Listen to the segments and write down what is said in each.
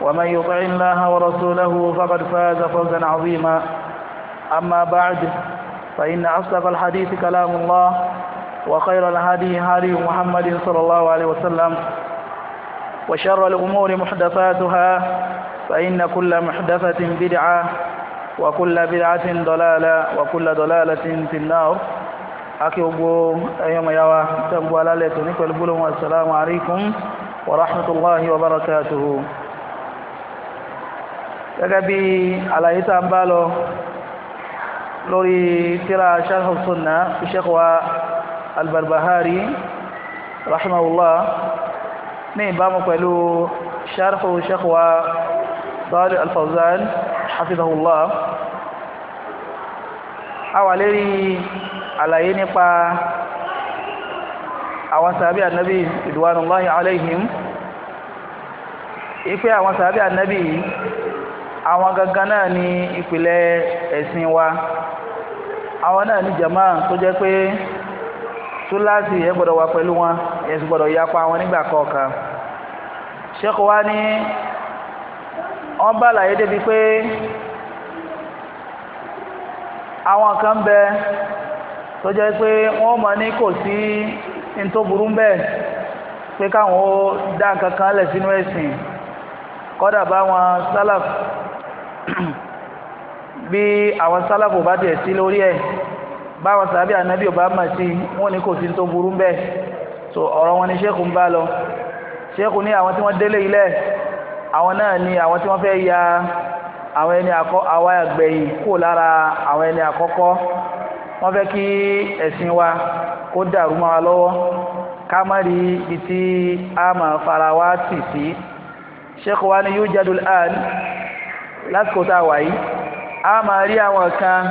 ومن يطع الله ورسوله فقد فاز فوزا عظيما أما بعد فإن أصدق الحديث كلام الله وخير الهدي هدي محمد صلى الله عليه وسلم وشر الأمور محدثاتها فإن كل محدثة بدعة وكل بدعة ضلالة وكل ضلالة في النار أكيبو أيما يوا تنبو على البلوم والسلام عليكم ورحمة الله وبركاته gẹ́gẹ́ bí àlàyé tá ń bá lọ lórí tíra sharh sunna fi sheikh wa albarbahari rahimahullah ní ìbámu pẹ̀lú sharh sheikh wa sọ́ọ̀lì alfawzan hafizahullah a wà lérí àlàyé nípa àwọn sàbí ànábì ìdùwánullahi alayhim ipe àwọn sàbí ànábì àwọn gangan náà ni ìpìlẹ̀ ẹ̀sìn wa àwọn náà ni jama tó jẹ́ pé túláàsì ẹ gbọ́dọ̀ wà pẹ̀lú wọn ẹ ya gbọ́dọ̀ yapa wọn nígbà kọ̀ọ̀kan ní wọ́n bá àlàyé débi pé àwọn kan bẹ tó jẹ́ pé wọ́n mọ̀ ní kò sí ntó burú ń bẹ̀ pé káwọn ó dá nǹkan kan lẹ̀ sínú bí àwọn sálàfò bá tiẹ̀ sí lórí ẹ̀ báwọn sàbí ànábì ò bá mà sí wọn ni kò sí tó burú bẹ́ẹ̀ so ọ̀rọ̀ wọn ni sẹ́kù ń bá lọ sẹ́kù ní àwọn tí wọ́n délé ilẹ̀ àwọn náà ni àwọn tí wọ́n fẹ́ ya àwọn ẹni àkọ́ àwa àgbẹ̀yìn kúrò lára àwọn ẹni àkọ́kọ́ wọ́n fẹ́ kí ẹ̀sìn wa kó dàrú mọ́ wa lọ́wọ́ ká má rí ibi tí a máa fara wa tì sí sẹ́kù wa ni yóò jáde láàánú lásìkò tá a wà yìí a máa rí àwọn kan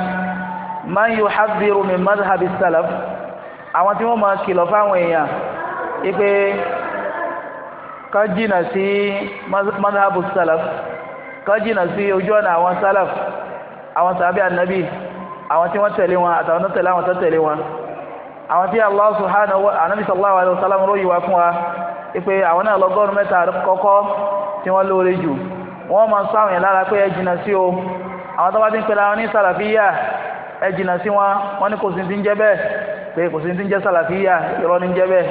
máa ń yọ hadhiru min madhhabi salaf àwọn tí wọ́n máa kìlọ̀ fáwọn èèyàn ipe kan jìnnà sí madhhabu salaf kan jìnnà sí ojú ọ̀nà àwọn salaf àwọn sàbí ànábì àwọn tí wọ́n tẹ̀lé wọn àtàwọn tó tẹ̀lé àwọn tó tẹ̀lé wọn àwọn tí Allah subhanahu wa anabi sallallahu alayhi wa sallam ròyìn wa fún wa ipe àwọn náà lọ́gọ́rùn-ún mẹ́ta kọ́kọ́ tí wọ́n lóore jù wọ́n máa ń sọ àwọn yẹn lára pé ẹ jìnnà sí o àwọn tó bá ti ń pera wọn ní sàlàfíà ẹ jìnnà sí wọn wọ́n ní kò sí ti ń jẹ́ bẹ́ẹ̀ pé kò sí ti ń jẹ́ sàlàfíà irọ́ ni ń jẹ́ bẹ́ẹ̀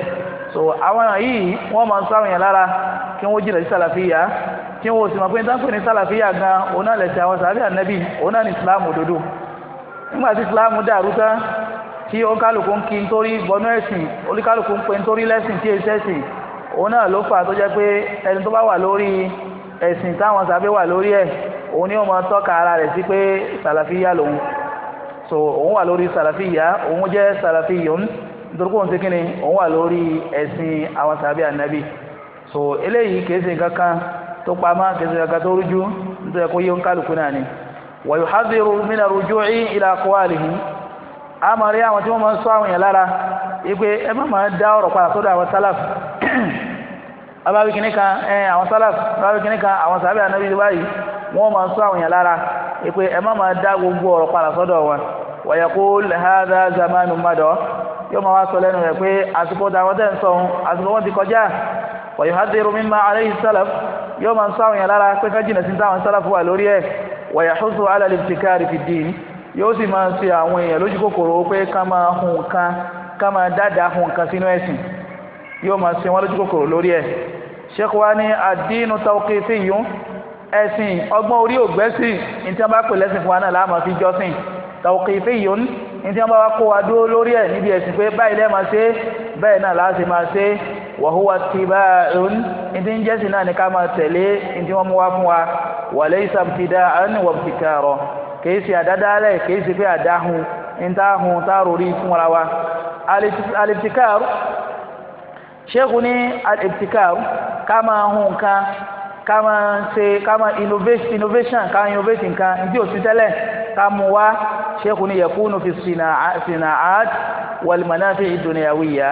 so àwọn yìí wọ́n máa ń sọ àwọn yẹn lára kí wọ́n jìnnà sí sàlàfíà kí wọ́n sì mọ̀ pé táǹpẹ̀ ní sàlàfíà gan òun náà lẹ̀sẹ̀ àwọn sàlàfíà nẹ́bì òun náà ní islam òdodo nígbà tí islam dàrú tán tí oníkálukú ń kí nítorí bọnú ẹ̀sìn oníkálukú ń pè nítorí lẹ́sìn tí èsì ẹ̀sìn òun náà ló fà tó jẹ́ pé ẹni tó bá wà lórí ẹ̀sìn táwọn sábẹ́ wà lórí ẹ̀ òun ni ó máa tọ́ka ara rẹ̀ sí pé sàlàfíyà lòun so òun wà lórí sàlàfíyà òun jẹ́ sàlàfíyùn nítorí kóun ti kí ni òun wà lórí ẹ̀sìn àwọn ànábì so eléyìí kìí ṣe nǹkan kan tó pamọ́ kìí ṣe nǹkan kan tó rújú nítorí kó yẹ ń kálukú náà ni mina àwọn tí wọ́n máa ń sọ àwọn yẹn lára ẹ má máa dá ọ̀rọ̀ padà sódò àwọn sálàfù abáwí kìnnì kan ẹ àwọn sálàf abáwí kìnnì kan àwọn sàbẹ̀ ànábi ti báyìí wọ́n máa sọ àwọn yẹn lára ìpè ẹ má máa dá gbogbo ọ̀rọ̀ padà sọ́dọ̀ wọn wa yaqul hadha zamanu madọ yóò máa wá sọ lẹ́nu rẹ̀ pé àsìkò táwọn tẹ̀ ń sọ ohun àsìkò wọn ti kọjá wa yuhadhiru mimma alayhi sálàf yóò máa sọ àwọn yẹn lára pé ká jìnnà sí táwọn sálàf wà lórí ẹ̀ wa yahuddu ala al-ibtikari fi din yóò sì máa ṣe àwọn èèyàn lójú kòkòrò pé ká máa hun kan ká máa dáadáa hun kan sínú ẹ̀sìn yóò máa ṣe wọn lójú kòkòrò lórí ẹ̀ sheikh wa ní àdínú tawqifiyun ẹ̀sìn ọgbọ́n orí ògbẹ́sìn ní tí wọ́n bá pè lẹ́sìn fún wa náà láàmú fi jọ́sìn tawqifiyun ní tí wọ́n bá wá kó wa dúró lórí ẹ̀ níbi ẹ̀sìn pé báyìí lẹ́ẹ̀ máa ṣe bẹ́ẹ̀ náà láti máa ṣe wa huwa ittiba'un ní tí ń jẹ́sìn náà ní ká máa tẹ̀lé ní wọ́n mú wá fún wa wa laysa ibtida'an sheikh ní al-ibtikar kama máa hun nǹkan ká máa ṣe ká innovation ká innovate nǹkan ní tí ò sí tẹ́lẹ̀ ká mú wá sheikh ní yakunu fi sinaat wal manafi' ad-dunyawiyya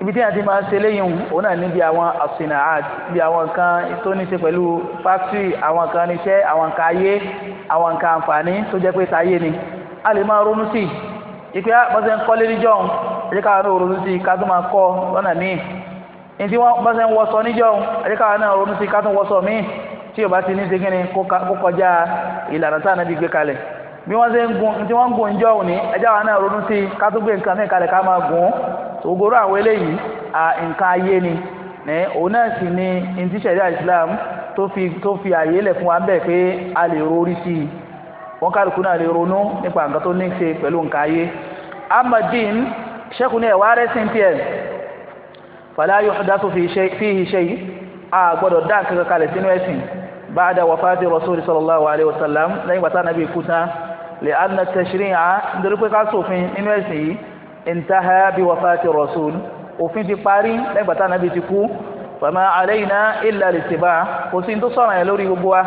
ibi tí a ti máa ń ṣe léyìn òun náà níbi àwọn asinaad níbi àwọn nǹkan tó ní ṣe pẹ̀lú fáktírì àwọn nǹkan níṣẹ́ àwọn nǹkan ayé àwọn nǹkan àǹfààní tó jẹ́ pé táyé ni a lè máa ronú sí i ìpè ah, bọ́sẹ̀ ń kọ́lé níjọ́ ẹ̀jẹ̀ káwọn náà ronú sí i ká tó máa kọ́ lọ́nà míì ní tí wọ́n bá ṣe ń wọṣọ níjọ́ àdékàwá náà ronú sí ká tún wọṣọ míì tí o bá ti ní ṣe kí ni kó kọjá ìlànà tá a nàbí gbé kalẹ̀ bí wọ́n ṣe ń gun tí wọ́n ń gun ìjọ òní ẹjá wa náà ronú sí i ká tó gbé nǹkan mìíràn kalẹ̀ ká máa gùn ògoro àwọn eléyìí à nǹkan ayé ni òun náà sì ni ní ṣẹ̀ríà Islam tó fi tó fi àyè lẹ̀ fún wa ń bẹ̀ pé a lè rori sí i wọ́n kálukú náà lè ronú nípa nǹkan tó ní fala yuhdathu fihi shay a gbọ́dọ̀ dá nǹkan kalẹ̀ sínú ẹ̀sìn ba'da wafati rasul sallallahu alayhi wa sallam lẹ́yìn gbàtà nàbí ikú tán lè anna tashri'a nítorí pé ká sófin nínú ẹ̀sìn yìí intaha bi wafati rasul òfin ti parí lẹ́yìn gbàtà nàbí ti kú fama alayna illa littiba' kò sí ní tó sọ̀rọ̀ yẹn lórí gbogbo wa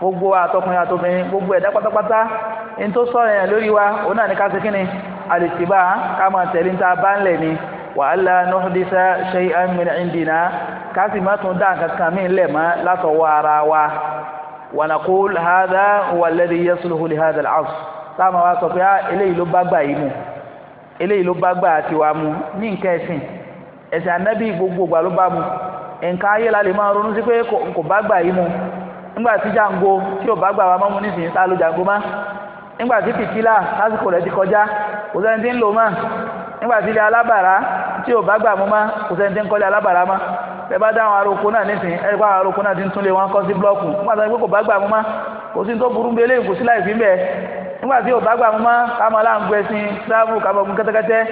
gbogbo àtọkùnrin àtọbìnrin gbogbo ẹ̀dá pátápátá ní tó sọ̀rọ̀ yẹn lórí wa òun náà ní ká ṣe kíni àlètìbá ká máa tẹ̀lé ní ta bá ń lẹ̀ ni wàhálà nùdísà ṣẹ́yí amínà ìdìnnà káàsì má tún dá nǹkan kan mìíràn lẹ̀ mọ́ látọwọ́ ara wa wànàkó hàdá wàlẹ́dí yẹsùlùhù lè hàdá àṣù táwọn wa sọ pé á eléyìí ló bá gbà yìí mu eléyìí ló bá gbà tiwa mu ní nǹkan ẹ̀sìn ẹ̀sìn anábì gbogbo ìgbà ló bá mu nǹkan ayé la lè máa ronú sí pé kò bá gbà yìí mu nígbà tí jàǹgo tí ò bá gbà wa mọ́ mu nísìnyí sá ló má nígbà tí fìtílà lásìkò rẹ̀ ti kọjá kò sẹ́ni tí ń lò má nígbà tí ilé alábàárà tí ò bá gbà mú má kò sẹ́ni tí ń kọ́lé alábàárà má ẹ bá dá àwọn aróko náà nísìn ẹ bá àwọn aróko náà ti ń túnlé wọn kọ́ sí blọ́ọ̀kù nígbà tí kò bá gbà mú má kò sí tó burú gbélé kò sí láì fi bẹ́ẹ̀ nígbà tí ò bá gbà mú má káma láǹgbọ ẹsìn tíráàbù káma gun kẹ́tẹ́kẹ́tẹ́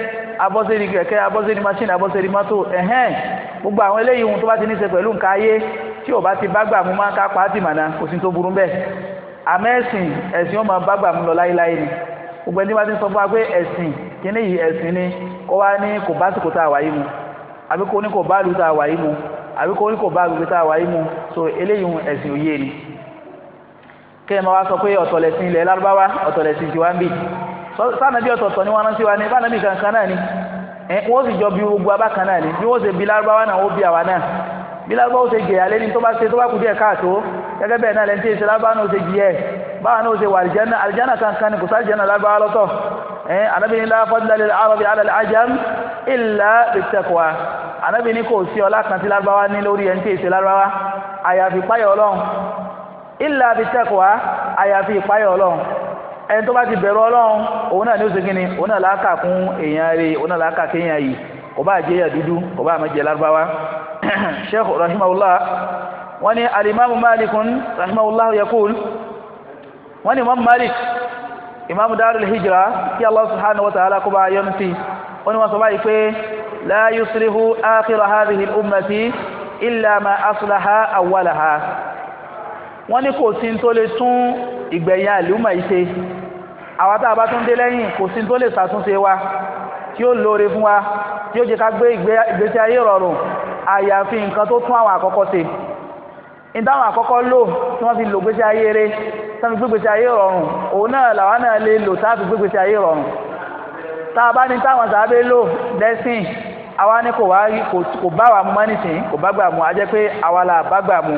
abọ́sẹ̀rì kẹ̀kẹ́ abọ́sẹ̀rì machine abọ́sẹ̀rì mọ́tò ẹ̀hẹ́n gbogbo àwọn eléyìí ohun tó bá ti ní í ṣe pẹ̀lú nǹkan ayé tí ò bá ti bá gbà mú má ká pa á ti mànà kò sí tó burú bẹ́ẹ̀ àmẹ́sìn ẹ̀sìn ó máa bá gbà mú lọ láéláé ni gbogbo ẹni bá ti sọ fún wa pé ẹ̀sìn kíní yìí ẹ̀sìn ni kó wá ní kò bá sìkò tá a wáyé mu àbí kó ní kò bá lu tá a wáyé mu àbí kó ní kò bá agbègbè tá a wáyé mu so eléyìí ẹ̀sìn òye ni kí ẹ máa wá sọ pé ọ̀tọ̀lẹ̀sìn ilẹ̀ lárúbáwá ọ̀tọ̀lẹ̀sìn tiwa ń bì sànàbí ọ̀tọ̀ọ̀tọ̀ ni wọ́n rántí wa ní sànàbí kankan náà ni wọ́n sì jọ bí gbogbo abákan náà ni bí wọ́n ṣe bí lárúbáwá náà wọ́n bí àwa náà bí lárúbáwá ó ṣe jẹ̀yà lẹ́ni tó bá ṣe tó bá kù díẹ̀ káàtó gẹ́gẹ́ bẹ́ẹ̀ náà lẹ́ni tí lárúbáwá náà ó ṣe jì báwa náà ó ṣe wà àlìjánà kankan ni kò sáà àlìjánà lárúbáwá lọ́tọ̀ anabi eh, ni la fadla lil arabi ala al ajam illa bit taqwa anabi ni kò sí ọlá kan tí Lárúbáwá ní lórí ẹni tí èsì Lárúbáwá àyàfi ìpáyà Ọlọ́run illa bit taqwa àyàfi ìpáyà Ọlọ́run ẹni tó bá ti bẹ̀rù Ọlọ́run òun náà ní oṣù kínní òun náà láàkà kún èèyàn rè òun náà láàkà kéèyàn yìí kò bá jẹ́ yà dúdú kò bá má jẹ́ Lárúbáwá sheikh rahimahullah wọ́n ní alimami malikun rahimahullah yakul wọ́n imam malik imam darul hijra kí allah subhanahu wa ta'ala kó bá yọ́nú sí wọ́n wọ́n sọ báyìí pé la yuslihu akhira hadhihi al-ummati illa ma aslaha awwalaha wọ́n ní kò sí tó lè tún ìgbẹ̀yìn àlùmọ̀ yìí ṣe àwa tá a bá tún dé lẹ́yìn kò sí tó lè ṣàtúnṣe wa tí ó lóore fún wa tí ó jẹ́ ká gbé ìgbésí ayé rọrùn àyàfi nǹkan tó tún àwọn àkọ́kọ́ ṣe ìdáhùn àkọ́kọ́ lò tí wọ́n fi lò gbèsè ayé rẹ̀ sáfi gbé gbèsè ayé rọrùn òun náà làwọn náà lè lò sáfi gbé ayé rọrùn tá ní táwọn sàábé lò lẹ́sìn àwa ni kò bá wa mú mọ́ nìsín kò bá gbà mú a jẹ́ pé àwa là bá gbà mú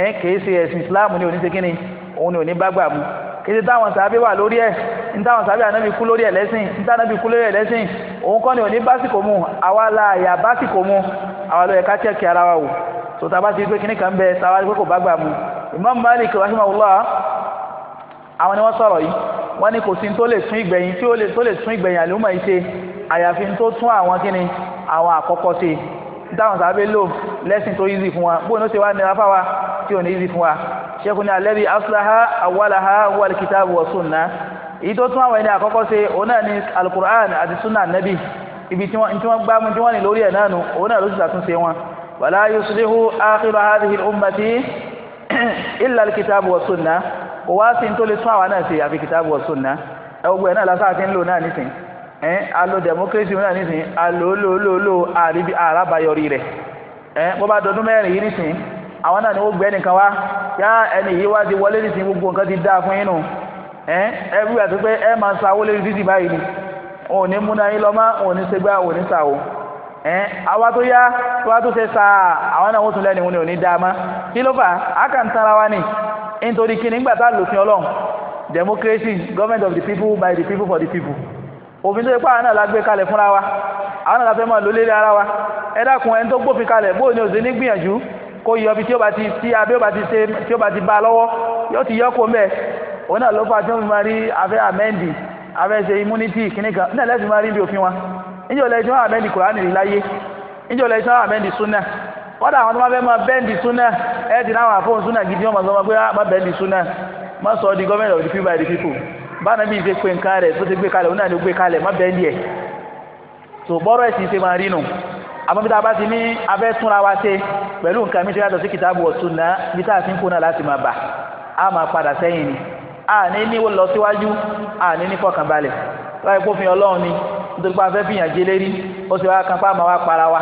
ẹ̀ kìí ṣe ẹ̀sìn Islam ni oníṣekínni òun ni òní bá gbà mú kìí táwọn sàábé wà lórí ẹ̀ ntáwọn sàábé ànábì kú lórí ẹ̀ lẹ́sìn ntáwọn ànábì kú lórí ẹ̀ lẹ́sìn òun kọ́ ni òní básìkò mu àwa là yà básìkò mu àwa ló yẹ ká chẹ́ẹ̀kì ara wa wò tó tá a bá ti gbé kíní kan bẹ tá a kò bá gbà mu Imam Malik rahimahullah àwọn ni wọ́n sọ̀rọ̀ yìí wọ́n ní kò sí tó lè tún ìgbẹ̀yìn tí ó lè tó lè tún ìgbẹ̀yìn àlùmọ̀ yìí ṣe àyàfi tó tún àwọn kíni àwọn àkọ́kọ́ ṣe dáhùn sábẹ́ lò lẹ́sìn tó easy fún wa bóyá ó ṣe wá nira fáwa tí ò ní easy fún wa ṣẹ́kù ní alẹ́bí afúláhá awalaha wàlìkítàbù wa sunna èyí tó tún àwọn ẹni àkọ́kọ́ ṣe òun náà ní alukur'an àti sunna nabi ibi tí wọ́n gbámu tí wọ́n ní lórí ẹ̀ náà nù òun náà ló sì ṣàtúnṣe wọn ولا يصلح آخر هذه الأمة إلا الكتاب والسنة وواسن تلسفا وناسي في كتاب والسنة أو بينا لا ساعتين لو نانسي ẹ alo democracy náà nísìnyí alo lo lo lo àríbi àrábáyọrí rẹ ẹ bó bá dọdún mẹ́rin yìí nísìnyí àwọn náà ni ó gbé ẹnìkan wá yá ẹni yìí wá ti wọlé nísìnyí gbogbo nǹkan ti dáa fún yín nù ẹ ẹ bí wàá tó pé ẹ máa ń sa owó ni òun ò ní múná yín lọ mọ́ òun ò ní ṣe ẹ àwa tó yá àwa tó ṣe sáà àwọn náà wọ́n tún lẹ́nu òní dáa kí ló fà ni nítorí kí nígbà tá a lòfin ọlọ́run democracy government of the people by the people for the people òfin tó yẹ pé àwọn náà la gbé kalẹ̀ fúnra wa àwọn náà la fẹ́ wa ẹ dákun ẹni tó gbófin kalẹ̀ bóyá ni òsè ní gbìyànjú kó yọ ibi tí ó bá ti ti ṣe tí ba lọ́wọ́ yóò yọ kó òun náà ló fà tí wọ́n fi máa rí afẹ́ níjọ́ lẹ́yìn tí wọ́n àmẹ́ndì kùránì rí láyé níjọ́ lẹ́yìn tí wọ́n àmẹ́ndì súnà wọ́n dà àwọn tó máa fẹ́ máa bẹ́ǹdì súnà ẹ̀ dì náà àfọ̀n súnà gidi wọ́n máa sọ pé ah, má bẹ́ǹdì súnà má sọ di government of the people by the people báwọn bí ṣe pé nǹkan rẹ̀ tó ti gbé kalẹ̀ òun náà ló gbé kalẹ̀ má bẹ́ǹdì ẹ̀ tó bọ́rọ̀ ẹ̀sìn ṣe máa rí nù àmọ́ bí tá a bá ti ní abẹ́ túnra wa ṣe pẹ̀lú nǹkan mi tó yàtọ̀ sí kìtàbù ọ̀tún náà bí tá a ti ń kó náà láti máa bà á máa padà sẹ́yìn ni àní ní lọ síwájú àní ní fọkànbalẹ̀ láì pófin ọlọ́run ni nítorí pé afẹ́ bìyàn jẹ lérí ó sì wá kan pé àmọ́ wa para wa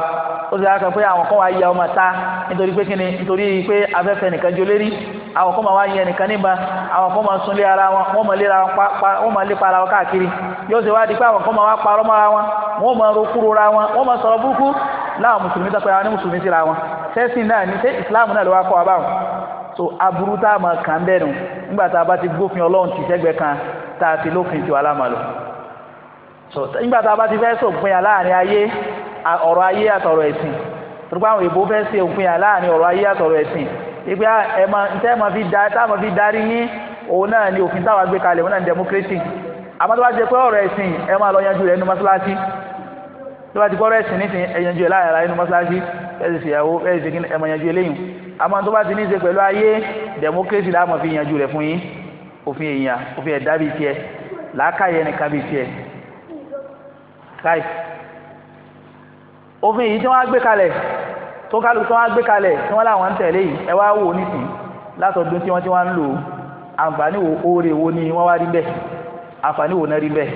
ó sì wá kan pé àwọn kan wá yẹ ọmọ ta nítorí pé kíni nítorí pé afẹ́fẹ́ nìkan jọ lérí àwọn kan máa wá yẹ nìkan níbà àwọn kan máa súnlé ara wọn wọ́n máa lé ara wọn para wọn káàkiri yóò sì wá di pé àwọn kan máa wá parọ́ mọ́ra wọn máa ra wọn máa sọ̀rọ̀ burúkú láwọn mùsùlùmí tó àwọn ní wa báwọn so aburú tá a máa kàn bẹ́ẹ̀ nù nígbà tá a bá ti gbófin ọlọ́run tì sẹ́gbẹ̀ẹ́ kan tá a ti so nígbà tá a bá ti fẹ́ sòpinya láàrin ayé ọ̀rọ̀ ayé àtọ̀rọ̀ ẹ̀sìn torí pé àwọn èèbó fẹ́ ṣe òpinya láàrin ọ̀rọ̀ ayé àtọ̀rọ̀ ẹ̀sìn ìgbé ah, ẹ̀mọ ntẹ́ mọ fi da táwọn fi darí yín òun náà ni òfin táwọn gbé kalẹ̀ òun náà ni democracy àmọ́ tó bá ọ̀rọ̀ ẹ̀sìn ẹ máa lọ yanjú rẹ̀ nínú mọ́ṣáláṣí tó bá ti kọ́ ọ̀rọ̀ ẹ̀sìn nísìn ẹ yanjú ara nínú mọ́ṣáláṣí ẹ̀sìn ìyàwó yanjú àmọ́ tó bá ti ní í ṣe pẹ̀lú káì òfin yìí tí wọ́n á gbé kalẹ̀ tó kálù tí wọ́n á gbé kalẹ̀ tí wọ́n láwọn ń tẹ̀lé yìí ẹ wá wò nísìn látọ̀dún tí wọ́n ti wá ń lò àǹfààní wo oore wo ni wọ́n wá rí bẹ́ẹ̀ àǹfààní wo náà rí bẹ́ẹ̀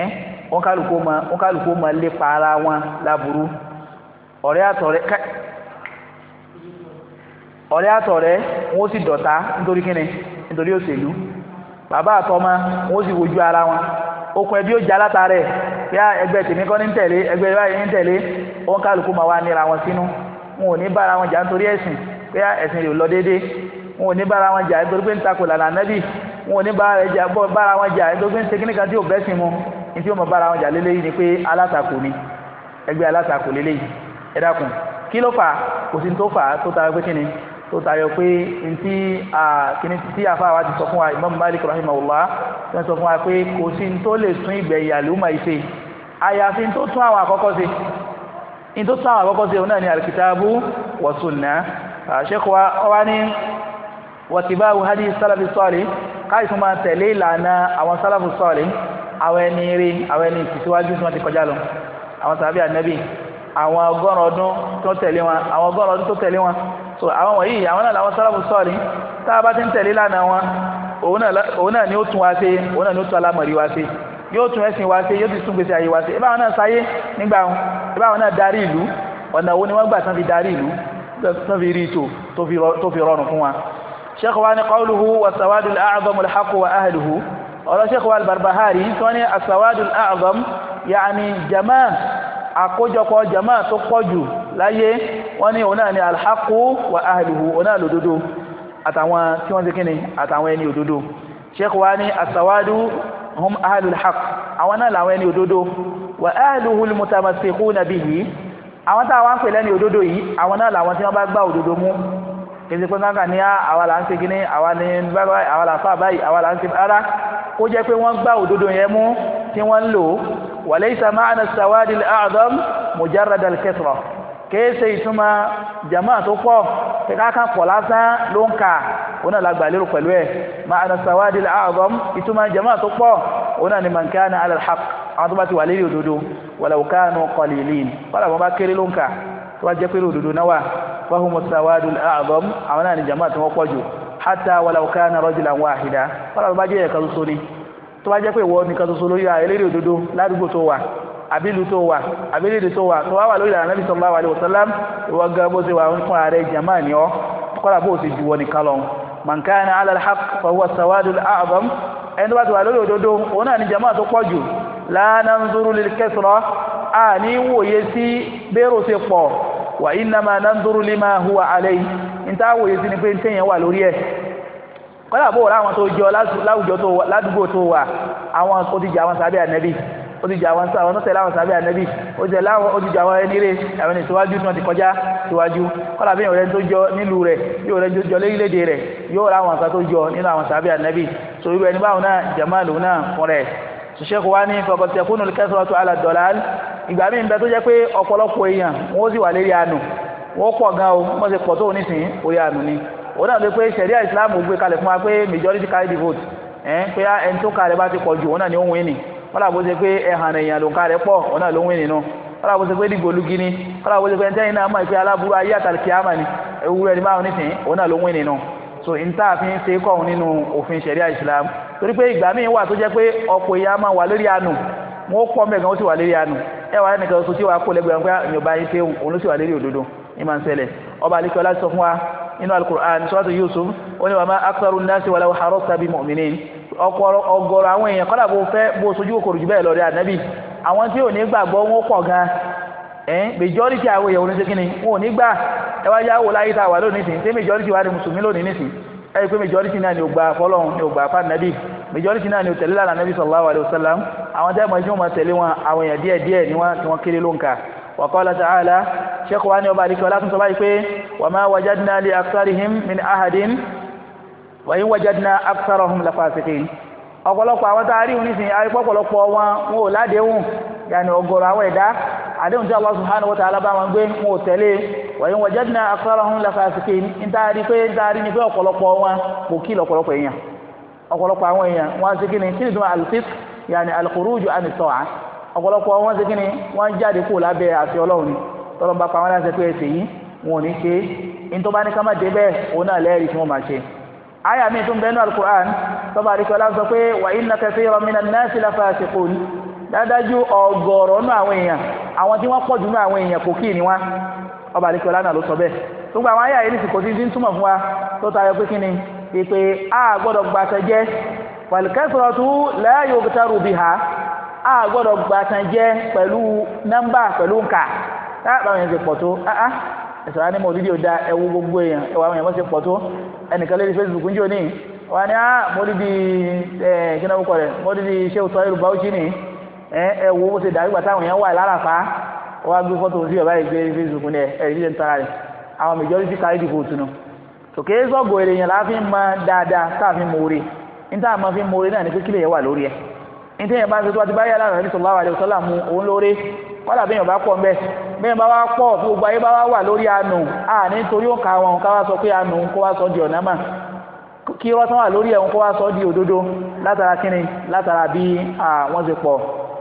ẹ́ wọ́n kálù kó máa wọ́n kálù kó máa lépa ara wọn láburú ọ̀rẹ́ àtọ̀rẹ́ ká ọ̀rẹ́ àtọ̀rẹ́ wọn sì dọ̀tá nítorí kíni nítorí òṣèlú bàbá àtọmọ wọn sì wojú ara wọn okùn ẹbí ó jà látàrẹ bí ẹgbẹ́ tèmi kọ́ ní ń tẹ̀lé ẹgbẹ́ báyìí ń tẹ̀lé wọn kálukú máa wá nira wọn sínú wọn ò ní bára wọn jà nítorí ẹ̀sìn pé ẹ̀sìn rẹ̀ lọ déédéé wọn ò ní bára wọn jà nítorí pé ń takò lànà ànábì wọn ò ní bára wọn jà nítorí pé ń ṣe kíníkan tí ò bẹ́sìn mu ní tí ó mọ bára wọn jà lélẹ́yìn ni pé alátakò ni ẹgbẹ́ alátakò lélẹ́yìn ẹ dákun kí ló fà kò sí tó fà tó tara pé kíni tó tayọ pé ntí kíní títí àfáàwá ti sọ fún wa Imam Malik rahimahullah tó ń sọ fún wa pé kò sí tó lè tún ìgbẹ̀yìn àlùmọ̀ ìṣe àyàfi tó tún àwọn àkọ́kọ́ ṣe tó tún àwọn àkọ́kọ́ ṣe òun náà ni al-kitabu wa sunnah àṣekọ̀ wa ní wàtíbáwù hadi sálàfi sọ́ọ̀lì káyìtún máa tẹ̀lé ìlànà àwọn sálàfi sọ́ọ̀lì àwọn ẹni rí àwọn ẹni ìtìsíwájú tí wọ́n ti kọjá lọ àwọn sàbí ànẹ́bí àwọn ọgọ́rùn ọdún tó tẹ̀lé wọn àwọn ọgọ́rùn ọdún tó tẹ̀lé wọn so àwọn wọ̀nyí àwọn náà làwọn sáràbù sọ́ọ̀lì tá a bá ti ń tẹ̀lé lánàá wọn òun náà ni ó tún wá ṣe òun náà ni ó tún alámọ̀rí wá ṣe yóò tún ẹ̀sìn wá ṣe yóò ti tún gbèsè ayé wá ṣe ìbá náà sáyé nígbà wọn ìbá náà darí ìlú ọ̀nà wo ni wọ́n gbà tán fi darí ìlú tán fi rí àkójọpọ̀ jama tó pọ̀jù láyé wọ́n ní òun náà ni alhaku wa ahluhu òun náà lòdodo àtàwọn tí wọ́n ti kíni àtàwọn ẹni òdodo sheikh ni asawadu hum ahlul haq àwọn náà làwọn ẹni òdodo wa ahluhu mutamasikuna bihi àwọn táwọn ń pè lẹ́ni òdodo yìí àwọn náà làwọn tí wọ́n bá gbá òdodo mú kìí ṣe pé kankan ní ah, àwa là ń ṣe kíní àwa ní báyìí àwa là fà báyìí àwa là ń ṣe rárá kó jẹ́ pé wọ́n gbá òdodo yẹn mú tí wọ́n ń lò وليس معنى السواد الأعظم مجرد الكثرة كيف يسمى جماعة أخوة كاكا قلاسا لونكا هنا لقباليرو فلوه معنى السواد الأعظم يسمى جماعة أخوة هنا لمن كان على الحق عظمة وليل ودودو ولو كانوا قليلين قال مباكر لونكا تواجه ودودو نوا فهم السواد الأعظم عمنا جماعة أخوة حتى ولو كان رجلا واحدا قال مباكر يكالسوني tó bá jẹ́ pé ìwọ nìkan ṣoṣo lórí elédè òdodo ládùúgbò tó wà àbílù tó wà àbílèdè tó wà tó wá wà lórí ìlànà Ànábì sallallahu alaihi wasallam ìwọ gan bó ṣe wà fún ààrẹ jàmáà ni ọ́ kọ́lá bó ṣe juwọ́ nìkan lọ man kana ala al-haqq fa huwa sawadul a'zam ẹni tó bá ti wà lórí òdodo òun náà ni jàmáà tó pọ̀ jù la nanzuru lil kathra a ní wòye sí bẹ́rù ṣe pọ̀ wa innama nanzuru lima huwa alayhi ní táwòye sí ni pé ń tẹ̀yẹ̀ wà lórí ẹ̀ kọ́lá bó wọ́n láwọn tó jọ láwùjọ tó wà ládùúgbò tó wà àwọn odìjà àwọn sábẹ́ ànẹ́bí odìjà àwọn sáwọn tó tẹ̀lé àwọn sábẹ́ ànẹ́bí odìjà àwọn ẹnire àwọn ẹni síwájú tí wọ́n ti kọjá síwájú kọ́lá bí ọ̀rẹ́ tó jọ nílùú rẹ̀ yóò rẹ́ jọ lórílẹ̀‐èdè rẹ̀ yóò láwọn kan tó jọ nínú àwọn sábẹ́ ànẹ́bí so irú ẹni báwọn náà jẹ̀mọ́ lòun náà fún rẹ̀ sùsẹ́kù wá ní fọkọtẹ̀kùnù kẹsàn-án tó àlà dọ̀là ìgbà míì ń bẹ tó jẹ́ ni òun náà ló pé sẹ̀ríà islam gbé kalẹ̀ fún wa pé majority carry the vote ẹ̀ pé ẹni tó kalẹ̀ bá ti pọ̀ jù òun náà ni ó win ni wọ́n làbó ṣe pé ẹ̀hàn èèyàn ló ń kalẹ̀ pọ̀ òun náà ló win nínú wọ́n làbó ṣe pé dìgbò lugi ni wọ́n làbó ṣe pé ẹ̀ńtẹ́yìn náà mọ̀ pé aláburú ayé àtàlùkì àmà ni ewúrẹ́ ni báwọn nìsín òun náà ló win nínú so n tá a fi ń ṣe kọ́ òun nínú òfin sẹ̀ríà islam torí pé ìgbà míì wà tó jẹ́ pé ọ̀pọ̀ èèyàn máa wà lórí àánú wọn ó pọ̀ mẹ́gan ó sì wà lórí àánú ẹ wà nìkan oṣù tí kó lẹ́gbẹ̀ẹ́ wọn pé ìyọ̀bá yín ṣe òun ló sì wà lórí òdodo ìmọ̀ ń ọba àlekẹ́ ọlá sọ fún wa nínú alukur'an suratu yusuf ó ní wa ma aktharu nasi walau harasta bi mu'minin ọ̀gọ̀rọ̀ àwọn èèyàn kọ́dà bó fẹ́ bó sojú kòkòrò jù bẹ́ẹ̀ lọ rí ànábì àwọn tí ò ní gbàgbọ́ wọn pọ̀ gan ẹ̀ẹ́n majority àwọn èèyàn oníṣẹ́ kínní wọn ò ní gbà ẹ wá yáwó láyé tá a wà lónìí sìn tí majority wà ní mùsùlùmí lónìí nìsín ẹ pé majority náà ni ò gbà fọlọ́run ni ò gbà fà nàbì majority náà ni ò tẹ̀lé lánàá nàbì sallallahu alaihi wasallam àwọn tẹ́ wàkọ́lá tààlà ṣẹ́kọ̀ọ́ wa ní ọba àdìkẹ́ ọlá tún sọ báyìí pé wà máa wajadna li aktharihim min ahadin wa in wajadna aktharahum lafasiqin ọ̀pọ̀lọpọ̀ àwọn tá a rí onísìn àrípọ̀pọ̀lọpọ̀ wọn wọn ò ládéhùn yàní ọ̀gọ̀rọ̀ àwọn ẹ̀dá àdéhùn tí Allah subhanahu wa ta'ala bá wọn gbé wọn ò tẹ̀lé wa in ọ̀pọ̀lọpọ̀ wọn ṣe kíni wọ́n jáde kúrò lábẹ́ àti ọlọ́run ni tọ́lọ́mbà pa wọn láti pé ẹsẹ̀ yìí wọn ò ní ṣe ní tó bá ní ká má dé bẹ́ẹ̀ òun náà lẹ́rìí tí wọ́n máa ṣe. àyà mi tún bẹ́ẹ̀ ní alukur'an tọ́ba àdìsọ́lá sọ pé wa inna kathiran minan nasi la fasiqun dádájú ọgọ́rọ̀ nú àwọn èèyàn àwọn tí wọ́n pọ̀jù nú àwọn èèyàn kò kí ni wá ọba àdìkẹ́ ọlá sọ bẹ́ẹ̀ a gbọ́dọ̀ gbàtàn jẹ́ pẹ̀lú nọ́mbà pẹ̀lú nkà báwọn yẹn ti pọ̀ tó a ah, ah, ẹ̀sọ̀ á ní mo lídìí ọ̀dà ẹ̀wù gbogbo èèyàn ẹ̀wà àwọn èèyàn ti pọ̀ tó ẹnìkan lórí Facebook ń jò ní wà ní áá mo lídìí ẹ̀ kí náà kọ̀ rẹ̀ mo lídìí ṣé o sọ ẹ̀rù báwùjí ni ẹ̀wù owó ti dàrú gbàtà àwọn èèyàn wà láràfà wọ́n á gbé fọ́tò sí ọ̀bá ìgbé Facebook ní ẹ̀rí níta àmọ́ fi mọ orí náà ní pé kílẹ̀ yẹn wà lórí ẹ̀ níta yẹn bá ń sọ́tún àti báyà lánàá ní sallallahu alaihi wasallam òun lóore kọ́dà bẹ́ẹ̀ bá pọ̀ mbẹ́ bẹ́ẹ̀ bá wá pọ̀ tí gbogbo ayé bá wá wà lórí àánú à nítorí òǹkà wọn ká wá sọ pé àánú kó wá sọ di ọ̀nà mà kí wọ́n tán lórí ẹ̀hún kó wá sọ di òdodo látara kíni látara bí wọ́n ti pọ̀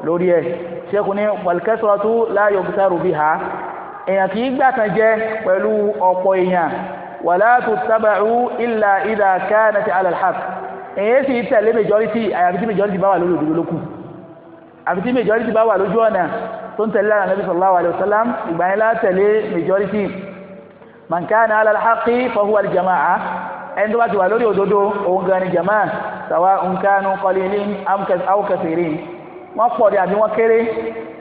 lórí ẹ̀ ṣẹ́kù ní pọ̀lìkẹ́sọ̀tún láàyò èyí sì tẹ̀lé majority àyàfi tí majority bá wà lórí òdodo lókù àfi tí majority bá wà lójú ọ̀nà tó ń tẹ̀lé ànábì sallallahu alayhi wa sallam ìgbà yẹn lá tẹ̀lé majority man kana ala al-haqqi fa huwa al-jama'a ẹni tó bá ti wà lórí òdodo òun gan ni jama'a sawa'un kanu qalilin aw kathirin wọ́n pọ̀ dé àbí wọ́n kéré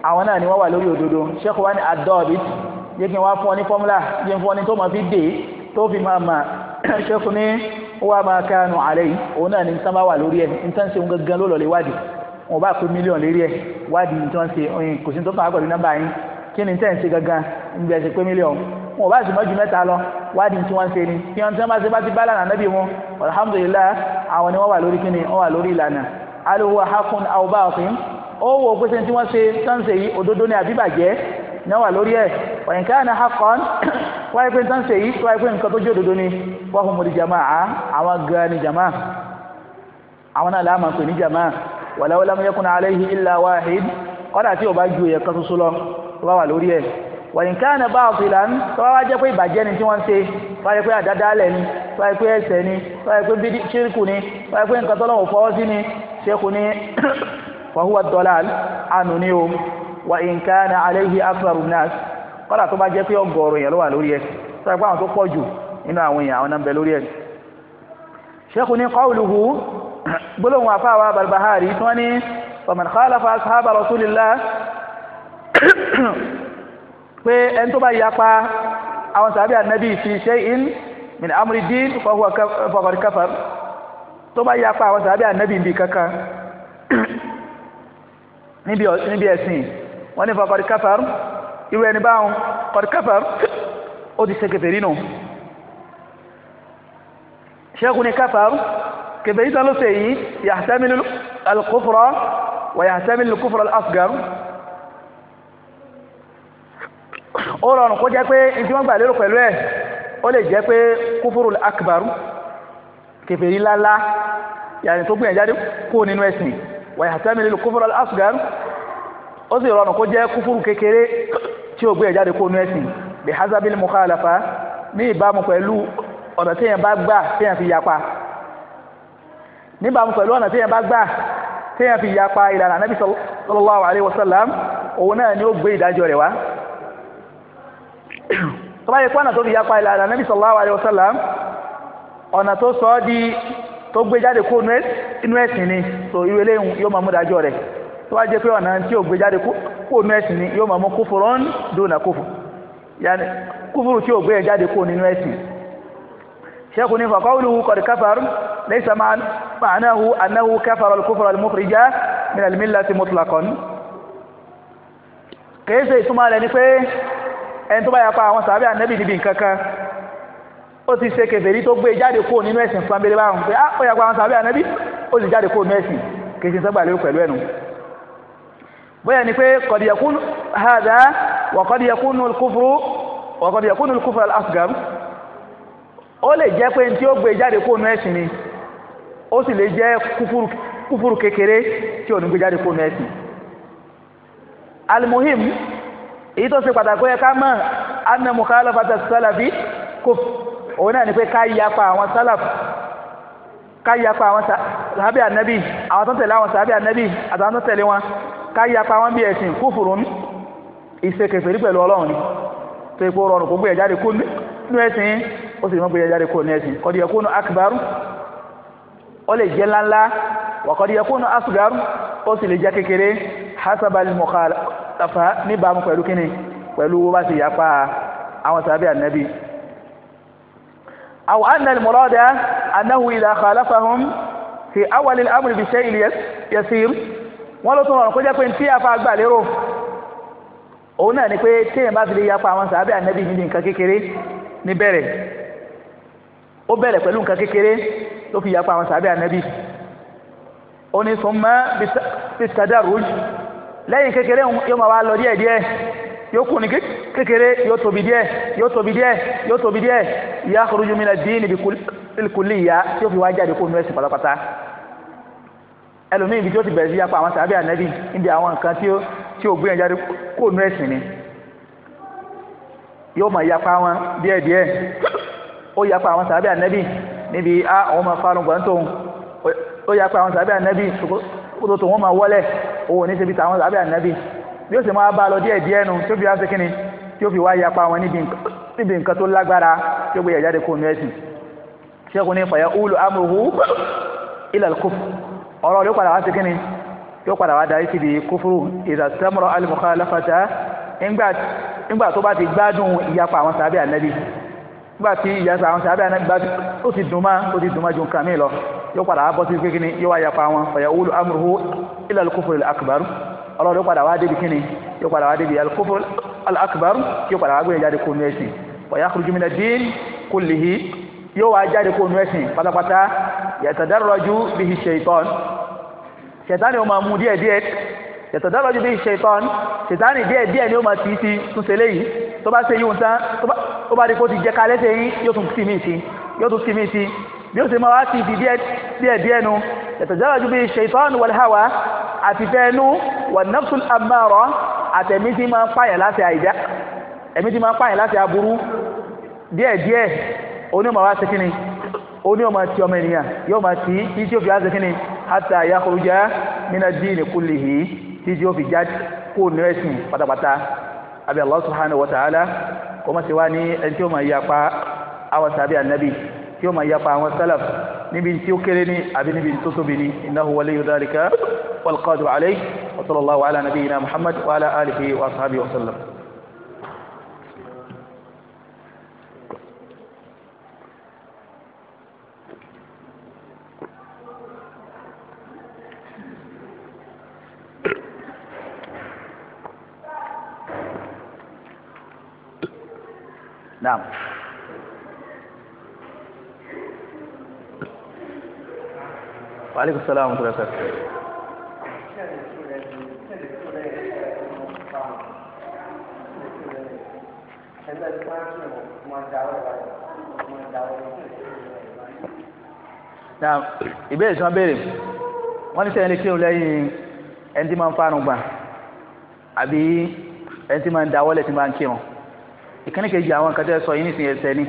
àwọn náà ni wọ́n wà lórí òdodo sheikh wani adọ́bit yẹ kí wọ́n fọ́ ní fọ́múlà yẹ kí wọ́n ní tó mọ̀ fi dé tó fi máa ma ṣẹ́kù ní wà máa kánú àlẹ́ yìí òun náà ní tán bá wà lórí ẹ̀ ní tán ṣe ń gangan ló lọ́lẹ̀ wádìí wọn bá pé mílíọ̀nù lérí ẹ̀ wádìí ní tán ṣe oyin kò sí tó fà á pẹ̀lú nọ́mbà yín kí ni tẹ́ ń ṣe gangan níbi ẹ̀sìn pé mílíọ̀nù wọn bá sì mọ́jú mẹ́ta lọ wádìí tí wọ́n ṣe ni kí wọ́n tí wọ́n bá ṣe bá ti bá lànà nábì wọn alhamdulillah àwọn ni wọ́n wà lórí kíni wọ́n wà lórí ìlànà alówó hakun àwòbá ọ̀sìn ó wò pé ṣe tí wọ́n ṣe tán ni àbíbàjẹ́ náà wà lórí ẹ̀ ọ̀yìnká wáyé pé nǹkan ṣe yìí tó wáyé pé nǹkan tó jẹ́ òdodo ni wọ́n fún mọ́lì jama á àwọn gan ni jama àwọn náà láàmà pè ní jama walaw lam yakun alayhi illa wahid kọ́dà tí ò bá ju ẹ̀kan ṣoṣo lọ tó bá wà lórí ẹ̀ wọ̀nyí káàna bá ọ̀fìlà ń tó bá wá jẹ́ pé ìbàjẹ́ ni tí wọ́n ṣe tó wáyé pé àdádálẹ̀ ni tó pé ẹ̀ṣẹ̀ ni tó pé bídí ṣírkù ni tó pé nǹkan tọ́lọ́wọ́ fọwọ́ sí ni ṣẹ́kù ni wàhùwà dọ́là àánú ni o wọ̀nyí káàna alayhi akthar an kọ́dà tó bá jẹ́ pé ọgọ́rùn èèyàn ló wà lórí ẹ̀ tó yẹ pé àwọn tó pọ̀ jù nínú àwọn èèyàn àwọn náà ń bẹ lórí ẹ̀. ṣéèkù ní qawluhu gbólóhùn àfáàwà barbahari tí wọ́n ní faman khalafa ashaba rasulillah pé ẹni tó bá yapa àwọn sàbí ànábì fi shay'in min amri din faqad kafar irú ẹni báwọn kọ̀díkàfà ó ti ṣe kẹfẹ̀rí nù ṣẹ́gun ní káfà kẹfẹ̀rí tán ló ṣe yìí yàtẹ́mìlú alkufra wà yàtẹ́mìlú kufra al-asgar ó rọrùn kó jẹ́ pé ibi wọ́n gbà lérò pẹ̀lú ẹ̀ ó lè jẹ́ pé kúfúrú akbar kẹfẹ̀rí lálá yàtẹ́mìlú kufra al ó sì rọrùn kó jẹ́ kúfúrú kékeré tí ó gbé ìjáde kó nú ẹ̀sìn bí hazabil mukhalafa ní ìbámu pẹ̀lú ọ̀nà téèyàn bá gbà téèyàn fi yapa níbàámu pẹ̀lú ọ̀nà téèyàn bá gbà téèyàn fi yapa ìlànà anábì sallallahu alayhi wa sallam òun náà ni ó gbé ìdájọ́ rẹ̀ wá tó bá yẹ kó ọ̀nà tó fi yapa ìlànà anábì sallallahu alayhi wa sallam ọ̀nà tó sọ ọ́ di tó gbé jáde kó inú ẹ̀sìn ni so irú eléyìí yóò máa mú ìdájọ́ rẹ̀ tó wá jẹ́ pé ọ̀nà tí ò gbé jáde kó mẹ́sìn ni yóò máa mú kúfùrọ̀ ń dùnà kúfù yàní kúfùrù tí ò gbé jáde kó nínú ẹ̀sìn ṣẹ́kù ní fàkọ́wùlùwù kọ̀dì káfàrú lẹ́sà ma'anahu annahu káfàrú kúfùrọ̀ al-mukhrija min al-millati mutlaqan ìtumọ̀ rẹ̀ ni pé ẹni tó bá yapa àwọn sàbí ànábì níbi nǹkan kan ó ti ṣe kèfèrí tó gbé e jáde kó nínú ẹ̀sìn fún abẹ́rẹ́ báwọn pé ah, ó yapa àwọn sàbí ànábì ó sì jáde kó nínú ẹ̀sìn kìí sọ́gbà lérò pẹ̀lú ẹnu bóyá ni pé kọ̀dí yakun hada wà kọ́dí yakun kúfúrú wà kọ́dí yakun kúfúrú al-asghar ó lè jẹ́ pé tí ó gbé jáde kó nu ẹ̀sìn ni ó sì lè jẹ́ kúfúrú kékeré tí ò ní gbé jáde kó nu ẹ̀sìn alimuhim èyí tó ṣe pàtàkì káyapa àwọn sàbẹ̀ ànábì àwọn tó ń tẹ̀lé àwọn sàbẹ̀ ànábì àtàwọn tó ń tẹ̀lé wọn káyapa wọn bí ẹ̀sìn kúfùrù ní ìṣekèfèrí pẹ̀lú ọlọ́run ni tó ipò rọrùn kó gbé ẹ̀jáde kó nú ẹ̀sìn ó sì mọ́ gbé ẹ̀jáde kó nú ẹ̀sìn kọ́dí ẹ̀kọ́ nú akbaru ó lè jẹ́ ńláńlá wà kọ́dí ẹ̀kọ́ nú asgaru ó sì lè jẹ́ kékeré hasabali mọ̀kàlàfà níbàámu pẹ̀lú kíni pẹ̀lú wọ́n bá ti yapa àwọn sàbẹ̀ ànábì أو أن المراد أنه إذا خالفهم في أول الأمر بشيء يسير wọ́n ló tún rọrùn kó jẹ́ pé tí a fa gbà lérò òun náà ni pé téèyàn bá fi lè yapa àwọn sàábẹ́ ànábì níbi nǹkan kékeré ní bẹ̀rẹ̀ ó bẹ̀rẹ̀ pẹ̀lú nǹkan kékeré ló fi yapa àwọn sàábẹ́ ànábì ó ní sùn mọ́ bitadarruj lẹ́yìn kékeré yóò máa wá lọ díẹ̀díẹ̀ yóò kù ní kékeré yóò tóbi díẹ̀ yóò tóbi díẹ̀ yóò tóbi díẹ̀ yakhruju min ad-din bil-kulliyya tí ó fi wá jáde kó nu ẹ̀sìn pátápátá ẹlòmíì ibi tí ó ti bẹ̀rẹ̀ sí yapa àwọn sàbí ànẹ́bí níbi àwọn nǹkan tí ó gbé yẹn jáde kó nu ni yóò máa yapa wọn díẹ̀díẹ̀ ó yapa àwọn sàbí ànẹ́bí níbi a àwọn máa fa ọlọ́gbọ̀n tóun ó yapa àwọn sàbí ànẹ́bí kótó tó wọn máa wọlé òun ò bí ó sì máa bá lọ díẹ̀ díẹ̀ nu tí ó fi wá sí kíni tí ó fi wá yapa wọn níbi nǹkan tó lágbára tí ó gbé yàjáde kó nu ẹ̀sìn ṣẹ́kù ní fàyà úlù amúhù ilẹ̀ kúfù ọ̀rọ̀ ló padà wá sí kíni tí ó padà wá darí síbi kúfúrú ìdàtẹ́mọ̀rọ̀ al-mukhalafata nígbà tó bá ti gbádùn ìyapa àwọn sàbẹ̀ ànábì nígbà tí ìyapa àwọn sàbẹ̀ ànábì tó ti dùn máa tó ti dùn máa ju nǹkan mi lọ yóò padà wá bọ́ sí kíni yóò wá yapa wọn fàyà úlù amúhù ilẹ̀ kúfúrú ọlọ́run yóò padà wá débi kíni yóò padà wá débi al-kufr al-akbar yóò padà wá gbé jáde kó nu ẹ̀sìn wa yakhruju min ad-din kullihi yóò wá jáde kó nu ẹ̀sìn pátápátá yatadarraju bihi shaitan shaitan ni ó máa mú díẹ̀ díẹ̀ yatadarraju bihi shaitan shaitan díẹ̀ díẹ̀ ni ó máa tì í sí túnṣe léyìí tó bá ṣe yíwọ̀n tán tó bá rí kó ti jẹ́ kálẹ́sẹ̀ yín yóò tún tì mí sí yóò tún tì mí sí bí ó ṣe máa wá sí ibi díẹ̀ díẹ̀ nu yatazawwaju bihi shaytan wal hawa àti fẹ́ẹ́nu wan nafsul ammara àtẹ̀mí tí máa ń pààyàn láti àìdá ẹ̀mí tí máa pààyàn láti aburú díẹ̀ díẹ̀ onímọ̀ wá sí kíni onímọ̀ ti ọmọ ènìyàn yóò máa ti títí ó fi wá sí kíni hatta yakhruja mina ad-dini kullihi títí ó fi já kó nú pátápátá àbí Allah subhanahu wa ta'ala kó ní ẹni tí ó máa yí apá àwọn sàbí ànábì tí ó máa yapa àwọn sálàf níbi tí ó kéré ní àbí níbi tó tóbi ní innahu waliyyu dhalika wal qadiru alayhi wa sallallahu ala nabiyyina muhammad wa ala alihi wa sahbihi wa sallam. نعم aleykum salaam wa rahmatulah. na ìbéèrè tí wọ́n béèrè wọ́n ní sẹ́yìn lè kírun lẹ́yìn ẹni tí máa ń fanu gbà àbí ẹni tí máa ń dáwọ́lẹ̀ tí máa ń kírun ìkíní kejì àwọn kan tẹ́ sọ yìí nísìnyí ẹsẹ̀ ni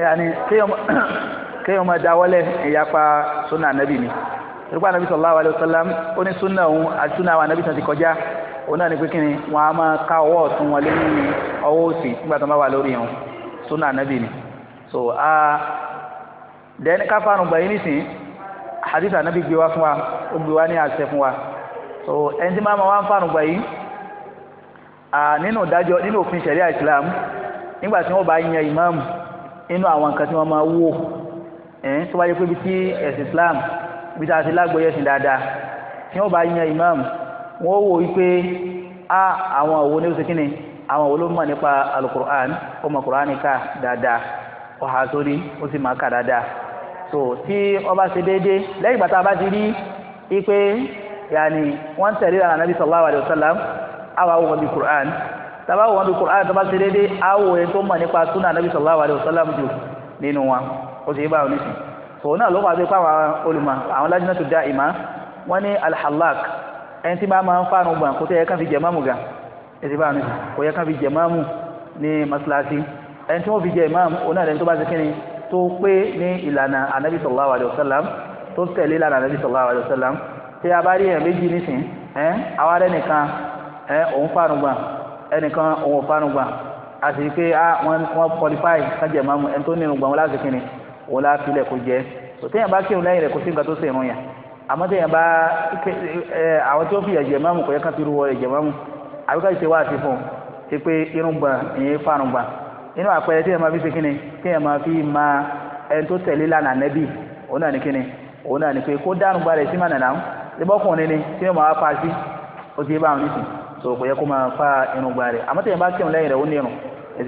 ẹ́ àní kéèyàn kéèyàn máa dáwọ́lẹ̀ ìyapa sunna anabi ni rúgbà anabi sallallahu alayhi wa sallam ó ní sunna òun àti sunna àwọn anabi sàn ti kọjá òun náà ní pé kíni wọn a máa ká ọwọ́ ọ̀tún wọn lẹ́yìn ọwọ́ òsì nígbà tó ń bá wà lórí wọn sunna anabi ni so dẹ́ni káfáànù gbàyìn nísìnyí hadith anabi gbé wá fún wa ó gbé wá ní àṣẹ fún wa so ẹni tí máa ma wá ń fáànù gbàyìn nínú ìdájọ́ nínú òfin ṣẹ̀ríà ìsìlámù nígbà tí wọ́n bá yan ìmáàmù nínú àwọn nǹkan tí wọ́n máa wò ẹ̀ tó bá yẹ pé bí tí ẹ̀sìn Islam bí tá a ti lágbóyè ẹ̀sìn dáadáa tí wọ́n bá yan imam wọ́n wò wípé a àwọn òwò ní oṣù kínní àwọn òwò ló mọ̀ nípa alukur'an ó mọ̀ kur'an ká dáadáa ọ̀hà sórí ó sì máa ká dáadáa so tí ọba ṣe déédéé lẹ́yìn bàtà bá ti rí i pé yàní wọ́n tẹ̀lé ara nàbí sallallahu alayhi wa sallam àwa wò wọn bí kur'an tàbá wò wọn bí kur'an tàbá ṣe déédéé àwò yẹn tó mọ̀ nípa sunna nàbí sallallahu alayhi wa jù nínú wọn ó ṣe é báwọn nísìn tò náà ló pàṣẹ pé àwọn olùmọ̀ àwọn lájú náà tó dá ìmá wọ́n ní alhalak ẹni tí máa máa ń fánu gbà kó tó yẹ kán fi jẹ máàmù gan ẹ ti báwọn nísìn kó yẹ kán fi jẹ máàmù ní masalasi ẹni tí wọ́n fi jẹ ìmáàmù oní àdẹni tó bá ti kíni tó pé ní ìlànà anabi sallallahu alayhi wa sallam tó tẹ̀lé ìlànà anabi sallallahu alayhi àti pé wọ́n qualify kájẹ̀ máàmù ẹni tó nínú gbà wọn láti òun la filẹ̀ kó jẹ́ tó téèyàn bá kírun lẹ́yìn rẹ̀ kó sí nǹkan tó ṣe irun yàn àmọ́ téèyàn bá ẹ àwọn tí wọ́n fi ẹ̀jẹ̀ mọ́mù kò yẹ kán fi rú ẹ̀jẹ̀ a àbí ká ṣe wá àti fún un ṣe pé irun gbà ìyẹn gbà inú àpẹẹrẹ máa fi ṣe kíni téèyàn máa fi máa ẹni tó tẹ̀lé lánàá nẹ́bì òun náà ní kíni òun náà ní pé kó gbà rẹ̀ sí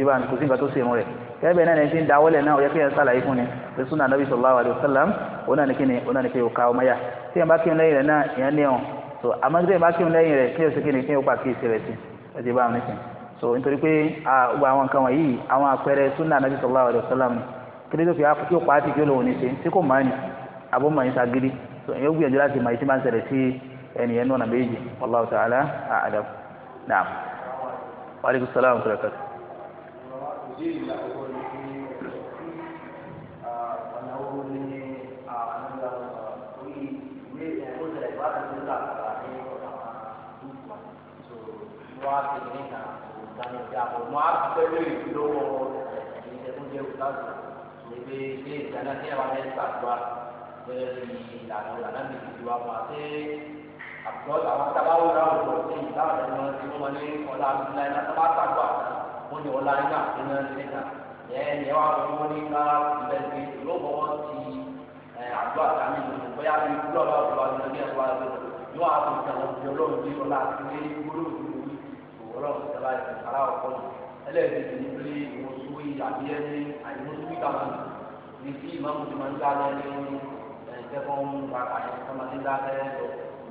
ni máa fa kẹ́bẹ̀ náà ní ti ń dáwọ́lẹ̀ náà ó yẹ kí ẹ sàlàyé fún ni pé súnà nàbí sallallahu alaihi wasallam ó náà ní kí ni kí o ká ọmọ yá tí ẹ bá kí n lẹ́yìn rẹ̀ náà ìyẹn ní ọ̀hún so àmọ́ tí ẹ bá kí n lẹ́yìn rẹ̀ kí o sì kí kí o pa kí ìṣe rẹ̀ sí ẹ bá wọn nísìn so nítorí pé gbogbo àwọn nǹkan wọ̀nyí àwọn àpẹẹrẹ súnà nàbí sallallahu alaihi wasallam kíni tó fi á kí o pa á ti kí o lòun ní so èyí ó gbìyànjú láti máa ìṣe máa ń ṣẹlẹ̀ sí ẹnìyẹn náà nàbẹ́yìí wallahu ta'ala a'lam naam wa salaam wa rahmatulah ìbéèrè àkọ́kọ́ ni pé ọ̀nà owó ní ànágbà orí ìwé ìkóṣẹ̀ ìbára ní ìlà àgbà ní ọ̀nà dúkùá tó wọ́n á ti ní ìlà ìdáná ìjà àbọ̀ wọ́n á fẹ́ lórí lọ́wọ́ ìṣẹ́ tó jẹ́ òṣàlù ìwé ilé ìdáná ní àwọn ẹ̀ ṣàdúrà lórí ìlànà ìlànà mi ti wá fún wa pé àbúrò àwọn tábàlù náà wọ̀ sí ìlànà ìlànà tí wọ́n ní ọ̀là àbúlá ìlànà tábàtàgbà náà wọ́n ní ọ̀la nígbà tí wọ́n ń ṣẹ́ka yẹn yẹn wà fún wọn ní ká ìbẹ̀rẹ̀ ló fọwọ́ ti àdó àtàmì lòdù bóyá bí kúlọ̀ bá wà lọ ní ẹ̀kọ́ àti yóò wà fún ìtàn òbí ọlọ́run bí ọlá àti ilé gbólóhùn lórí ọlọ́run ìtàlá ìtàlá ọ̀kọ́ ẹlẹ́ẹ̀kejì ní pé ìwòsùwì àbí ẹni àìmọ́sùwì kàmá ní tí ìmáàmù ti máa ń dá lẹ́nu ẹ̀ẹ́dẹ́gbọ́n bàbá yẹn kọ́má ní dá lẹ́nu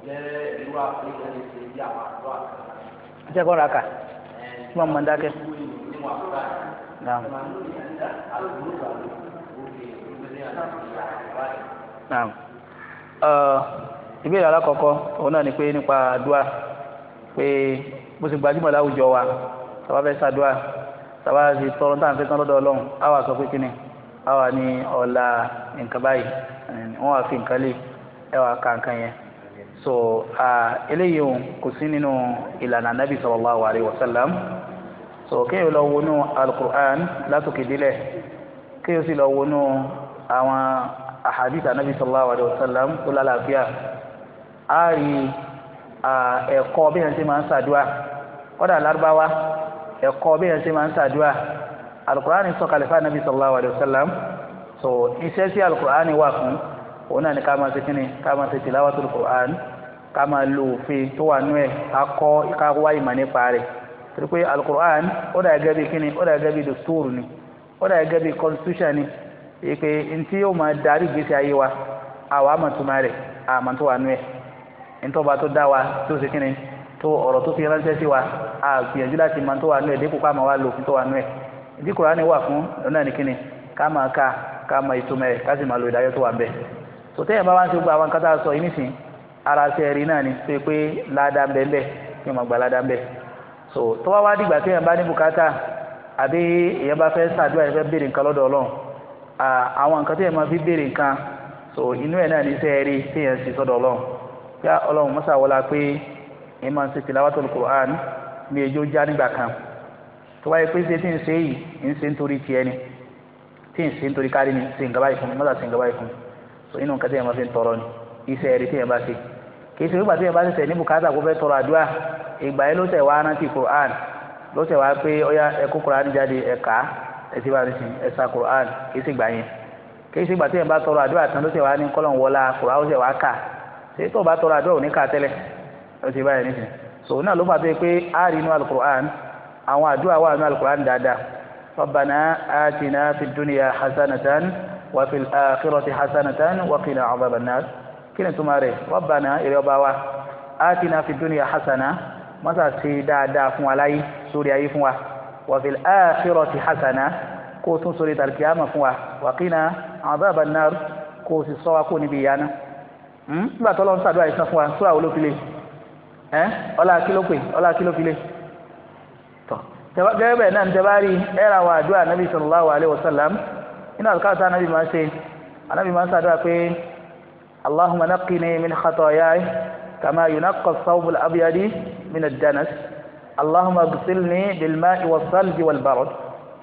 jẹ́ ìwà pé ẹni ṣe bí àwọn àdó àtàlá. ajẹ́kọ̀ọ́ ra kà tí wọ́n mọ̀ ń dákẹ́. نعم نعم eh, ìbéèrè alákọ̀ọ́kọ́ òun náà ni pé nípa àdúrà pé bó ṣe gbajúmọ̀ láwùjọ wa tàbá fẹ́ ṣàdúrà tàbá ṣe tọrọ tá à ń fẹ́ tán lọ́dọ̀ ọlọ́run á wà sọ pé kíni á wà ní ọ̀la nǹkan báyìí wọ́n wà fi nǹkan lè ẹ wà ka nǹkan yẹn so eléyìí kò sí nínú ìlànà anábì sallallahu alaihi wasallam so kéèyàn lọ wọnú alukur'an látòkè délẹ̀ kéèyàn sì lọ wọnú àwọn ahadith anabi sallallahu alayhi wa sallam tó lálàáfíà á rí ẹ̀kọ́ bí yẹn ṣe máa ń ṣàdúrà kọ́dà lárúbáwá ẹ̀kọ́ bí yẹn ṣe máa ń ṣàdúrà alukur'an sọ kàlífà anabi sallallahu alayhi wa sallam so iṣẹ́ sí alukur'an wà fún òun náà ni ká máa ṣe kíni ká máa ṣe tìláwàtul Qur'an ká máa lo òfin tó wà nú ẹ̀ ká kọ́ ká wá ìmọ̀ nípa rẹ̀ torí pé alukur'an ó dà gẹ́gẹ́ bí kíni ó dà gẹ́gẹ́ bí dòstúrù ni ó dà gẹ́gẹ́ bí constitution ni èyí pé ntí yóò máa darí gbèsè ayé wa àwa àmọ̀túnmá rẹ̀ àmọ̀tún wà nú ẹ̀ ntọ́ba tó dá wa tó ṣe kíni tó ọ̀rọ̀ tó fi ránṣẹ́ sí wa àgbìyànjú láti máa tó wà nú ẹ̀ dípò ká máa wá lòfin tó wà nú ẹ̀ ìdí kur'an wà fún ọ̀nà ni kíni ká máa ka ká máa ìtumọ̀ rẹ̀ ká sì máa lo ìdájọ́ tó wà ń bẹ̀ sọtẹ́yìn bá wá ń ṣe àwọn kátà sọ ìnísìn ara ṣe ẹ̀rí náà ni pé pé ládàá ń bẹ́ẹ̀ bẹ́ẹ̀ kí wọ́n gba ládàá bẹ́ẹ̀ so tó bá wá dìgbà tí èèyàn bá ní bùkátà àbí èèyàn bá fẹ́ ṣàdúrà yẹn fẹ́ béèrè nǹkan lọ́dọ̀ ọlọ́run àwọn nǹkan tí èèyàn máa fi béèrè nǹkan so inú ẹ̀ náà ní sẹ́ẹ̀ rí tí èèyàn sì sọ́dọ̀ ọlọ́run bí ọlọ́run mọ́sá wọlá pé èèyàn máa ń ṣe tilawatul Qur'an mi èjò já nígbà kan tó wáyé pé ṣe tí ń ṣe yìí ń ṣe nítorí tiẹ̀ ni tí ń ṣe nítorí kárí ni ṣe nǹkan báyìí fún mọ́sá ṣe nǹkan báyìí fún so inú nǹkan tí èèyàn máa fi ń kìí ṣe nígbà tí ẹ bá ṣẹ̀ṣẹ̀ ní bùkátà kó fẹ́ tọrọ àdúrà ìgbà yẹn ló ṣẹ̀ wá rántí Qur'an ló ṣẹ̀ wá pé ọyá ẹ kó Qur'an jáde ẹ kà á ẹ ti bá rí sin ẹ sa Qur'an kìí gbà yẹn kìí ṣe ẹ bá tọrọ àdúrà tán ló ṣẹ̀ wá ní kọ́lọ̀ wọlá Qur'an ó ṣẹ̀ wá kà ṣe tó bá tọrọ àdúrà ò ní kà tẹ́lẹ̀ ó ti bá yẹn nísìn so náà ló fàtẹ́ pé a rí inú al àwọn àdúrà wà inú al dáadáa Rabbana atina fid hasanatan wa fil hasanatan wa qina adhaban kí ni tuma rẹ̀ rabbana èrè ọba wa atina fid dunya hasana mọ́tà ṣe dáadáa fún wa láyé sórí ayé fún wa wa fil akhirati hasana kó o tún sórí tàlkìyàmà fún wa wa qina adhaban nar kó o sì sọ wa kó níbi ìyá náà hmm? nígbà tó lọ́n sàdúrà ìsan fún wa sóra wo ló ẹ ọlá kí ló ọlá kí ló tọ gẹ́gẹ́ náà níta bá rí ẹ̀rà wa àdúrà nàbì sallallahu alaihi wasallam nínú àlùkò àti ànábì máa ń ṣe ànábì máa sàdúrà pé اللهم نقني من خطاياي كما ينقى الثوب الأبيض من الدنس اللهم اغسلني بالماء والثلج والبرد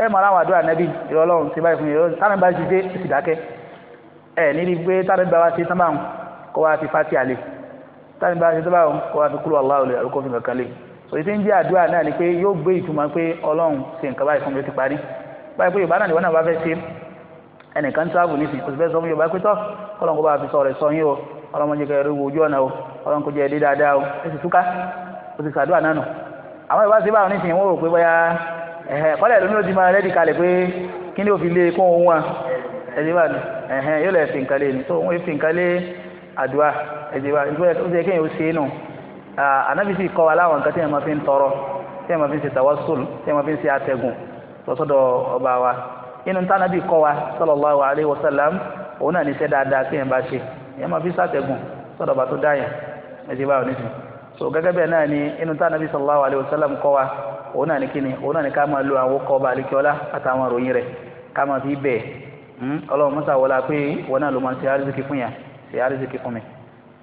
ẹ mọ̀ láwọn àdúrà nẹ́bí ìrọ̀lọ́run ti báyìí fún yìí lọ́dún tánà bá ti dé ìsìdákẹ́ ẹ níbi pé tánà bá wa ti tán báwọn kó wa fi fati àlè tánà bá wa ti tán báwọn kó wa fi kúrò aláwọ̀ lè àrùkọ́ fi kankan lè so ìdí ń jẹ́ àdúrà náà ni pé yóò gbé ìtumọ̀ pé ọlọ́run ṣe nǹkan báyìí fún mi ó ti parí báyìí pé yorùbá náà ni wọ́n náà bá fẹ́ ṣe ẹnìkan travel nísìnyí kò sì sọ fún yorùbá pé tọ́ ọlọ́run kó bá fi sọ̀rọ̀ sọ yín o ọlọ́run mọ̀ jẹ́ kẹ́ ẹrú ojú ọ̀nà o ọlọ́run kó jẹ́ ẹdí dáadáa o ó sì túká ó sì sàdúrà náà nù àwọn ìbá sí báwọn ní ìsìn wọn rò pé bóyá ẹ̀hẹ̀ kọ́lẹ̀ lómi ó ti máa rẹ́dì kalẹ̀ pé kí ni ó fi lé e kún òun wa ẹ̀jẹ̀ bá ní ẹ̀hẹ̀ yóò lẹ̀ fi nǹkan lé ní tó òun fi nǹkan lé àdúrà ẹ̀jẹ̀ bá ní ó yẹ kéèyàn sallallahu alaihi wasallam òun náà ní iṣẹ́ dáadáa tí yẹn bá ṣe èèyàn máa fi sàtẹ̀gùn sọ̀dọ̀ bá tó dá yẹn ẹ̀sìn báwọn nísìn so gẹ́gẹ́ bẹ́ẹ̀ náà ni inú tá nàbí sallallahu alayhi wa sallam kọ́ wa òun náà ní kíni òun náà ní ká máa lo àwọn kọ́ ọba àlekíọ́lá àtàwọn ròyìn rẹ̀ ká máa fi bẹ̀ hmm? ọlọ́run mọ́sà wọlá pé wọn náà ló máa ń ṣe àrísìkì fún yà ṣe àrísìkì fún mi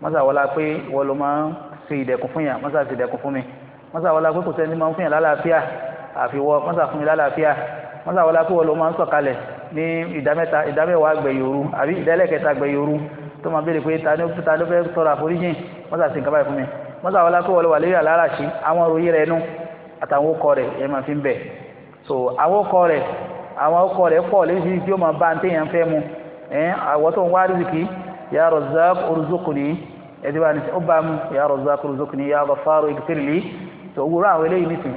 mọ́sà wọlá pé wọn ló máa ṣe ìdẹ̀kùn fún yà mọ́sà ṣe ìdẹ̀kùn fún mi mọ́sà wọlá pé kò sẹ́ni máa ń fún yà lálàáfíà àfiwọ́ mọ́sà fún mi lálàáfíà mọ́sà wọlá pé wọn ló máa ń sọ̀kalẹ̀ ní ìdámẹ́ta ìdámẹ́wàá gbẹ̀yòrú àbí ìdálẹ́kẹta gbẹ̀yòrú tó máa béèrè pé ta ló fẹ́ tọrọ àforíjìn mọ́sà sí nǹkan báyìí fún mi mọ́sà wọlé akó wọlé wà lórí àlàrà sí àwọn òròyìn rẹ̀ nú àtàwọn okọ rẹ̀ ẹ̀ máa fi ń bẹ̀ so àwọn okọ rẹ̀ àwọn okọ rẹ̀ pọ̀ lóṣìṣì tí ó máa bá téèyàn fẹ́ mu àwọ̀ tó ń wá rìzìkì ya Razzaq urzuqni ẹ̀dí wa ní ya Razzaq urzuqni ya Ghaffar ighfirli so wúrọ̀ àwọn eléyìí nìsín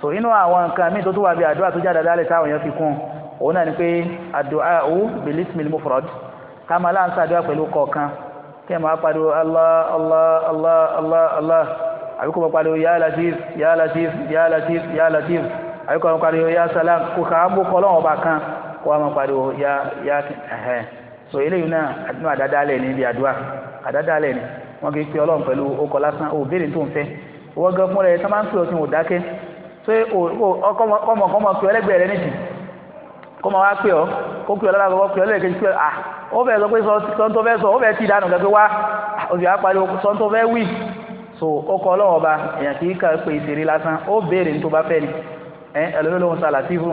so inú àwọn nǹkan míì tó tún wà bí àdúrà tó jáde dálẹ̀ táwọn èèyàn fi kún un òun náà ni pé àdúà bilismil mufrad ká máa láǹsà àdúrà pẹ̀lú kọ̀ọ̀kan kí ẹ máa pariwo allah allah allah allah allah àbíkó máa pariwo ya latif ya latif ya latif ya latif àbíkó máa pariwo ya salam so eléyìí náà àdúrà dáadáa lẹ̀ ní ibi àdúrà àdáadáa lẹ̀ ní wọn kì í pe ọlọ́run pẹ̀lú okọ̀ lásán ò béèrè tó ń fẹ́ wọ́n gan fúnra ẹ̀ sọ kó máa wá pè ọ́ kó pè ọ́ lára kó pè ọ́ lẹ́ẹ̀kejì pé à ah, ó fẹ́ sọ pé sọ́n tó fẹ́ sọ ó fẹ́ tí ìdánù gẹ́gẹ́ wá òsì ah, á pariwo sọ́n tó fẹ́ wí so ó kọ́ ọlọ́run ọba èèyàn kì í kà pé ìṣeré lásán ó béèrè ní tó bá fẹ́ ni ẹlòmíì ló ń sàlàtífù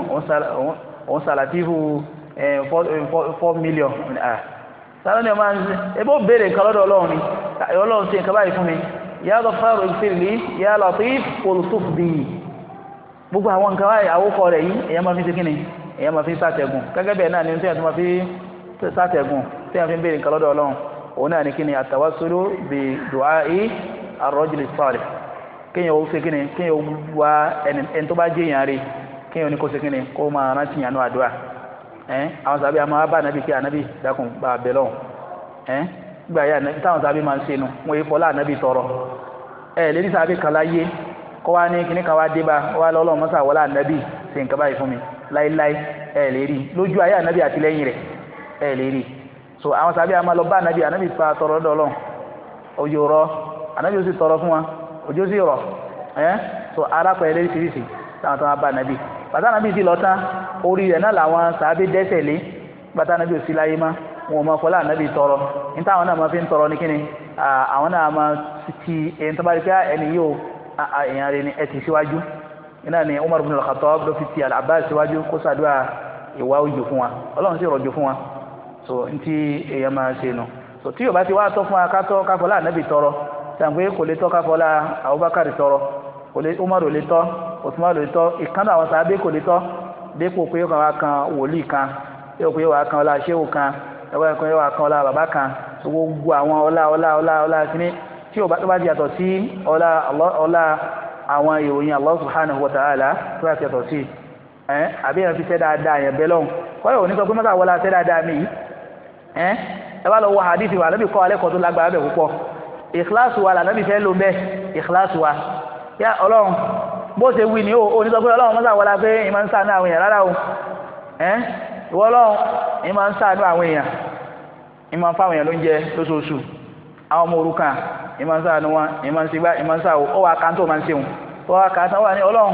òun sàlàtífù four million sáré ah, ni ọmọ àti ebi ó béèrè nǹkan lọ́dọ̀ ọlọ́run ni ọlọ́run ṣe nǹkan báyìí fún mi yà lọ fáwọn ìfìlì yà lọ sí olùsùfù bíi gbogbo àwọn nǹkan báyìí àwòkọ rẹ̀ èèyàn máa fi sàtẹ̀gùn gẹ́gẹ́ bẹ́ẹ̀ náà ni tí èèyàn tún máa fi sàtẹ̀gùn tí èèyàn fi ń béèrè nǹkan lọ́dọ̀ ọlọ́run òun náà ni kí ni àtàwásóló bí du'a'i ar-rajuli salih kéèyàn ó ṣe kíni kéèyàn ó wá ẹni tó bá jẹ́ èèyàn rí kéèyàn ní kó ṣe kíni kó máa rántí yàn ní àdúrà ẹ́n àwọn sàbí àmọ́ abá ànábì kí ànábì dákun gba abẹ lọ́hùn gbà yà táwọn sàbí máa ń ṣe láéláé ẹ lè rí lójú ayé ànábì àti lẹ́yìn rẹ̀ ẹ lè so àwọn sábẹ́ lọ bá ànábì ànábì pa tọrọ dọ́lọ́ òjò rọ ànábì ó sì tọrọ fún wa òjò sì rọ ẹ so arákùnrin lórí tìrìsì táwọn tó bá ànábì bàtà ànábì sì lọ tán orí rẹ̀ náà làwọn sábẹ́ dẹ́sẹ̀ lé bàtà ànábì ò sí láyé má wọn fi ń tọrọ ní kíni àwọn náà ti ẹni tó bá rí pé ẹni yóò iná ni Umar bin al-Khattab ló fi ti al-Abbas kó sàdúrà ìwà òjò fún wa ọlọ́run sì rọ̀jò fún wa so n ti èèyàn máa ṣe nù so tí yorùbá ti wá tọ́ fún wa ká tọ́ káfọlá ànábì tọrọ sàǹgbé kò lè tọ́ káfọlá Abubakar tọrọ Umar ò lè tọ́ Usman ò lè tọ́ ìkànnì àwọn sàábé kò lè tọ́ dépò pé yóò kàn wá kan wòlíì kan yóò pé yóò wá kan ọlá ṣéwù kan yóò pé yóò wá kan ọlá bàbá kan gbogbo àwọn ọlá ọlá ọlá ọlá ọlá ọlá àwọn ìròyìn Allah subhanahu wa ta'ala tó bá ti yàtọ̀ sí ẹ àbí yẹn fi ṣe dáadáa yẹn bẹ́ẹ̀ lọ́hùn kọ́yọ̀ òní sọ pé mọ́tà wọlé ṣe dáadáa mi yìí ẹ ẹ bá lọ wọ hadithi wa alábì kọ́ alẹ́ kọ́ tó lágbára bẹ̀ púpọ̀ ìkíláàsù wa làlábì fẹ́ lò bẹ́ẹ̀ ìkíláàsù wa yá ọlọ́run bó ṣe wí ni ó òní sọ pé ọlọ́run mọ́tà wọlé pé ìmọ̀ ń sànú àwọn èèyàn rárá o ẹ ìwọ ọlọ́run ìmọ̀ ń sànú àwọn èèyàn ìmọ̀ fáwọn èèyàn ló ń jẹ lóṣooṣù àwọn ọmọ òrukàn ìmọ̀nsá ni wọn ìmọ̀nsígbá ìmọ̀nsá o ọwọ́ akáńtó máa ń ṣeun ọwọ́ akáńtó wà ní ọlọ́run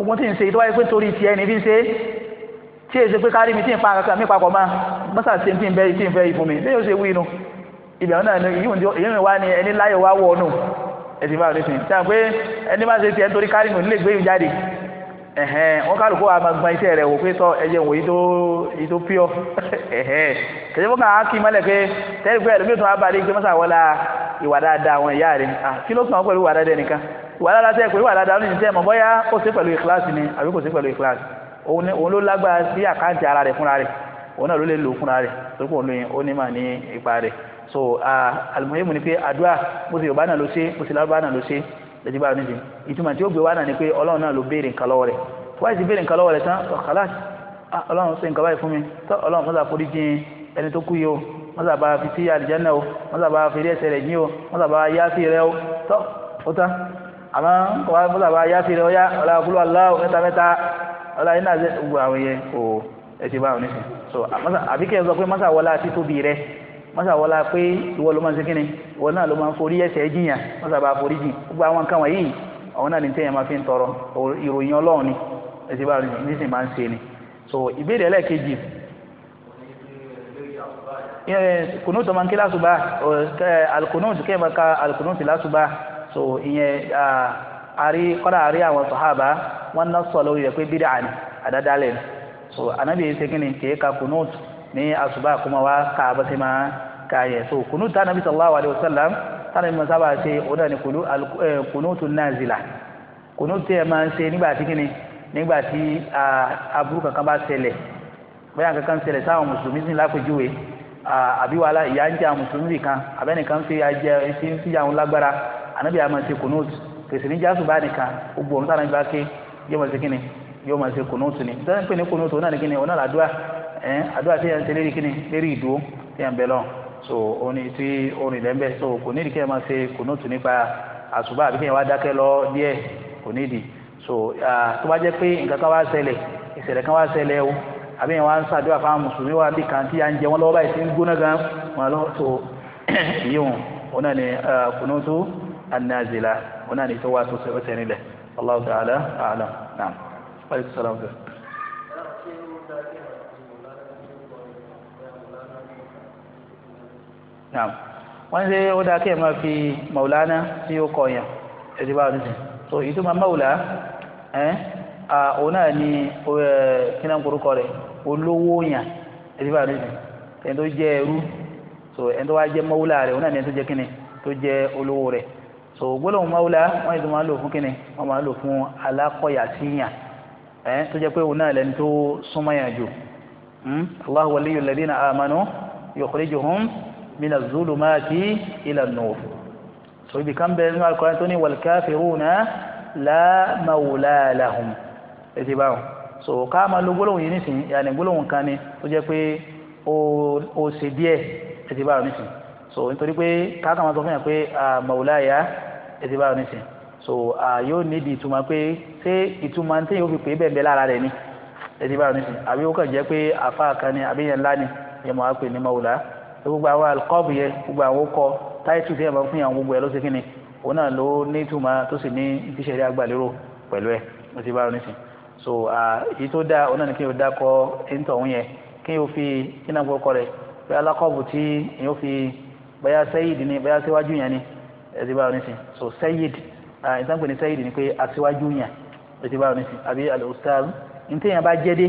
ogun tí ń ṣe ìtọ́wáyé pé torí tiẹ̀ ní fi ń ṣe é tí èsì pé kárí mi tí ń pa kankan mi papọ̀ máa mọ́sà ṣe tí ń bẹ́ tí ń fẹ́ ìfún mi bí yóò ṣe wí inú ibẹ̀ náà ni èyí wá ní ẹni láyọ̀ wá wọ̀ ọ̀nù ẹ̀sìn bá rẹ̀ sìn tí a pé ẹni má ṣe tiẹ̀ nítorí kárí mi ò ní lè gbé ìjáde ẹ̀hẹ́n wọ́n kálukú wa máa gba iṣẹ́ rẹ̀ wò pé sọ ẹyẹ wò yìí tó yìí tó pure ẹ̀hẹ́n kẹ̀sẹ̀ fún kàn án kí mọ́lẹ̀ pé tẹ́lifù ẹ̀ lómi tó wá balẹ̀ gbé mọ́sà wọlá ìwà dáadáa àwọn ìyá rẹ̀ kí ló kàn án pẹ̀lú ìwà dáadáa nìkan ìwà dáadáa tẹ́ pé ìwà dáadáa ló ní tẹ́ mọ̀ bóyá kò sí pẹ̀lú ìkíláàsì ni àbí kò sí pẹ̀lú ìkíláàsì òun ló lágbára sí àkáǹtì ara rẹ̀ fúnra rẹ̀ òun náà ló lè lò fúnra rẹ̀ tó kò lóyún ó ní mà ní ipa rẹ̀ so alimuhimu ni pé àdúrà bó ti Yorùbá náà ló ṣe bó ti lárúbá náà ló ṣe lẹ́tìgbà níbi ìtumọ̀ tí ó gbé wá náà ni pé ọlọ́run náà ló béèrè nǹkan lọ́wọ́ rẹ̀ tó wáyé ti béèrè nǹkan lọ́wọ́ rẹ̀ tán ọ̀kàlá ọlọ́run ṣe nǹkan báyìí fún mi tó ọlọ́run fún sàforí jìn ẹni tó kú yìí o wọ́n sábà fi sí àlìjáná o wọ́n sábà fi rí ẹsẹ̀ rẹ̀ yín o wọ́n sábà yá sí rẹ o tó ó tán àmọ́ wọ́n sábà yá sí rẹ ó yá ọ̀la kúlú so àbíkẹ́ sọ pé mọ́sà wọlá títóbi mọ́sàwọ́lá pé ìwọ ló máa ń ṣe kíni ìwọ náà ló máa ń forí ẹ̀ṣẹ̀ jiyàn mọ́sàbà forí jìn gbogbo àwọn nǹkan wọ̀nyí àwọn náà ní tẹ́yàn máa fi ń tọrọ ìròyìn ọlọ́run ni ẹ̀sìn bá nísìn máa ń ṣe ni so ìbéèrè ẹlẹ́ẹ̀kejì kùnú tó máa ń kí lásùbà alùkùnú tó kẹ́ máa ka so ìyẹn àrí kọ́dà àrí àwọn sọ̀hábà wọ́n ná sọ̀ lórí rẹ̀ pé bídà so ànábìyẹ ṣe kí ni kì ní àsùbá kó máa wá ká bó ṣe máa ka yẹ so kùnú tá nàbí sallallahu alayhi wa sallam tá nàbí masa bá ṣe òun náà ni kùnú tún nazila kùnú tẹ ẹ máa ń ṣe nígbà tí kíni nígbà tí aburú kankan bá ṣẹlẹ̀ bóyá kankan ṣẹlẹ̀ sáwọn mùsùlùmí sì lápèjúwe àbí wàhálà ìyá ń jẹ àwọn mùsùlùmí kan àbẹ́nìkan fi ajẹ ẹtí ń fi àwọn lágbára ànábìyà máa ṣe kùnú kèsì ní jásùbá nìkan gbogbo òun tá nàbí bá ké yẹ mọ̀ sí kíni yóò máa ṣe kùnúùtù ni sẹ́yìn pé ní kùnúùtù náà ní kíni ọ̀nà àdúrà ẹ̀ àdúrà tí yẹn ń ṣe lérí kíni lérí ìdúró tí yẹn ń bẹ lọ so oni tí oni lẹ́ ń bẹ so kò nídìí kí yẹn máa ṣe kùnúùtù nípa àṣùbà àbí kí yẹn wá dákẹ́ lọ díẹ̀ kò nídìí so tó bá jẹ́ pé nǹkan kan wá ṣẹlẹ̀ ìṣẹ̀lẹ̀ kan wá ṣẹlẹ̀ o àbí yẹn wá ń ṣàdúrà fáwọn mùsùlùmí wá bí kan tí yà ń jẹ wọn lọ́wọ́ báyìí tí ń gbóná gan wọn lọ so ìyóhùn òun ni kùnúùtù an-nazila òun náà ni tó wá tó ṣe Allah ṣe nílẹ̀ Allahu ta'ala a'lam naam. Aleyhi salaam fẹ́. naam wọ́n ṣe ó dáa kí ẹ máa fi maulana tí ó kọ yẹn ẹ̀sìn báwọn nìyẹn so ìtumọ̀ maula ẹ̀ òun náà ni kíná ń korúkọ rẹ̀ olówó yàn ẹ̀sìn báwọn nìyẹn ẹni tó jẹ́ ẹrú so ẹni tó wá jẹ́ maula rẹ̀ òun náà ni ẹni tó jẹ́ kíni tó jẹ́ olówó rẹ̀ so gbólóhùn maula wọ́n yìí tó máa lò fún kíni wọ́n máa lò fún alákọ̀yà sí yàn ẹ̀ eh, tó jẹ́ pé òun náà lẹ́ni tó súnmọ́ yàn jù hmm? Allahu waliyyu alladhina amanu yukhrijuhum mina zulumati ila nur so ibi kan bẹ nínú Al-Qur'an tó ní wal kafiruna la mawla lahum ètí báwọn so ká máa lo gbólóhùn yìí nísìnyí yàní gbólóhùn kan ni tó jẹ́ pé ó ṣe díẹ̀ ètí báwọn nísìnyí so nítorí pé ká kà máa sọ fún yàn pé ah, mawla ya ètí báwọn nísìnyí so yóò nídìí ìtumọ̀ pé ṣé ìtumọ̀ ní téèyàn fi pè é bẹ́ẹ̀ bẹ́ẹ̀ lára rẹ̀ ni ẹni báyọ̀ nísìn àbí ó kàn jẹ́ pé àfa kan ni àbí yẹn ńlá ni yẹn mọ̀ á pè ní mawula gbogbo àwọn alikọ́ọ̀bù yẹn gbogbo àwọn kọ táìtù tí yẹn máa ń fún yàn gbogbo ẹ̀ ló ṣe kí ni òun náà ló ní ìtumọ̀ tó sì ní ìfiṣẹ́rí agbàlérò pẹ̀lú ẹ̀ ẹni báyọ̀ nísìn so èyí tó dáa òun náà ni kí yóò dákọ ẹ̀ńtọ̀hún yẹn kí yóò fi kí náà gbọ́kọ rẹ̀ pé alákọ̀ọ̀bù tí yóò fi bóyá sẹ́yìd ni bóyá síwájú yẹn ni ẹni báyọ̀ nísìn so sẹ́yìd Ah, ìtànkùn ní sẹ́yìn ni pé aṣíwájú yàn ètò ìbára ní sìn àbí al-ustaz ní téèyàn bá jẹ́ dé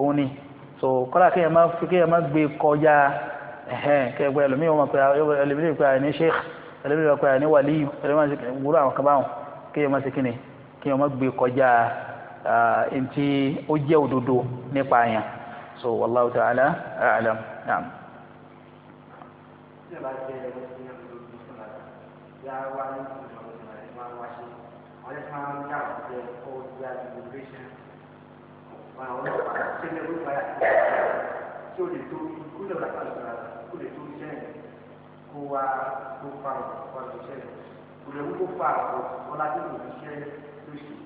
òun ni so kọ́lá kéèyàn má kéèyàn má gbé kọjá ẹ̀hẹ́n kéèyàn pé ẹlòmíràn wọn pé ẹlòmíràn pé àní sheikh ẹlòmíràn pé àní wàlí ẹlòmíràn pé wúrọ àwọn kan báwọn kéèyàn má ṣe kíni kéèyàn má gbé kọjá ntí ó jẹ́ òdodo nípa àyàn so wallahu ta'ala a'lam naam. Yeah, Westmount Town, they hold their immigration. When I was back, send every fire. So they told me, who the black pastor, who they told me, who are, who found, what they said. Who they who found, what I did was share, who she.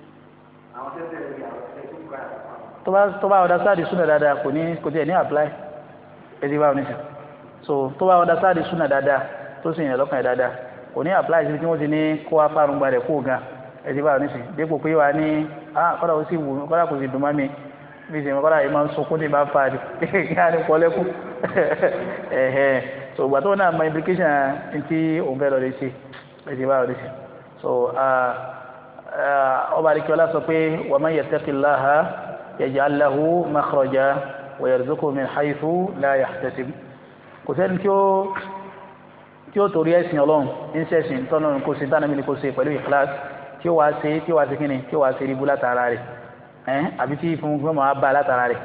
Àwọn tẹ́tẹ́ rẹ̀ yà wọ́n tó gbà yà wọ́n. Tó bá ọ̀dà sáàdì súnà dáadáa kò ní kò tiẹ̀ ní apply ẹ̀dí bá wọn So tó bá ọ̀dà sáàdì súnà dáadáa tó sì yàn lọ́kàn yẹn dáadáa kò ní apply sí tí wọ́n ti ní kó apá àrùn gbalẹ̀ kó gan ẹtì báyọ̀ ní sè dépò pé wà ní kọ́dà ó sì wù mí kọ́dà kò sì dùn mọ́ mi bí sèmi kọ́dà yìí máa ń sunkún tí ì bá fà á di kí á ní kọ́ lẹ́kún ẹ̀hẹ́n so ìgbà tó náà mọ implication ti òun fẹ́ lọ lè ṣe ẹtì báyọ̀ ní sè so ọba àdìkíọ́lá sọ pé wa man yattaqillaha yaj'al lahu makhraja wa yarzuqhu min haythu la yahtasib kò sẹ́ni tí ó tí ó torí ẹ̀sìn ọlọ́run ń ṣẹ̀sìn tọ́lọ́run kò sí tánàmì ni kò sí pẹ̀lú ìkíláàsì tí ó wàá ṣe tí ó wàá ṣe kíni tí ó wàá ṣe ríbú látara rẹ̀ ẹ̀ àbí tí ìfúnfún máa bá látara rẹ̀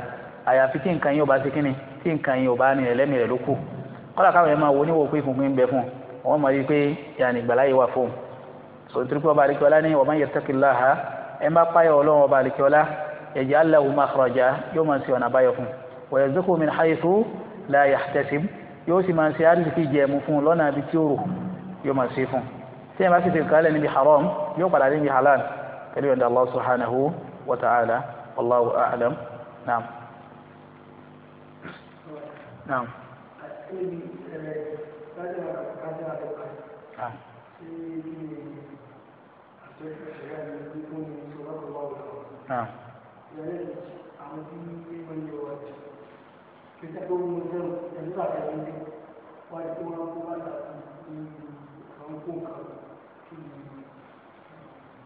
àyàfi tí nǹkan yìí ó bá ṣe kíni tí nǹkan yìí ó bá ní ẹlẹ́mìí rẹ̀ ló kù kọ́lá káwọn yẹn máa wo níwò pé ìfúnfún ń bẹ fún wọn mọ̀ rí i pé yàní ìgbàláyé wà fóun sọ nítorí pé ọba àdìkọ́lá ní ọba yẹn tẹ́kìlá ha ẹ má páyọ̀ ọlọ́run ọba àdìkọ́lá ẹ̀jẹ̀ aláwo máa yóò máa ṣe ọ̀nà tí yẹn bá sì fi nǹkan níbi haram yóò padà níbi halal pẹ̀lú ìyọ̀ǹda Allah subhanahu wa ta'ala wallahu a'lam naam. naam. naam. naam.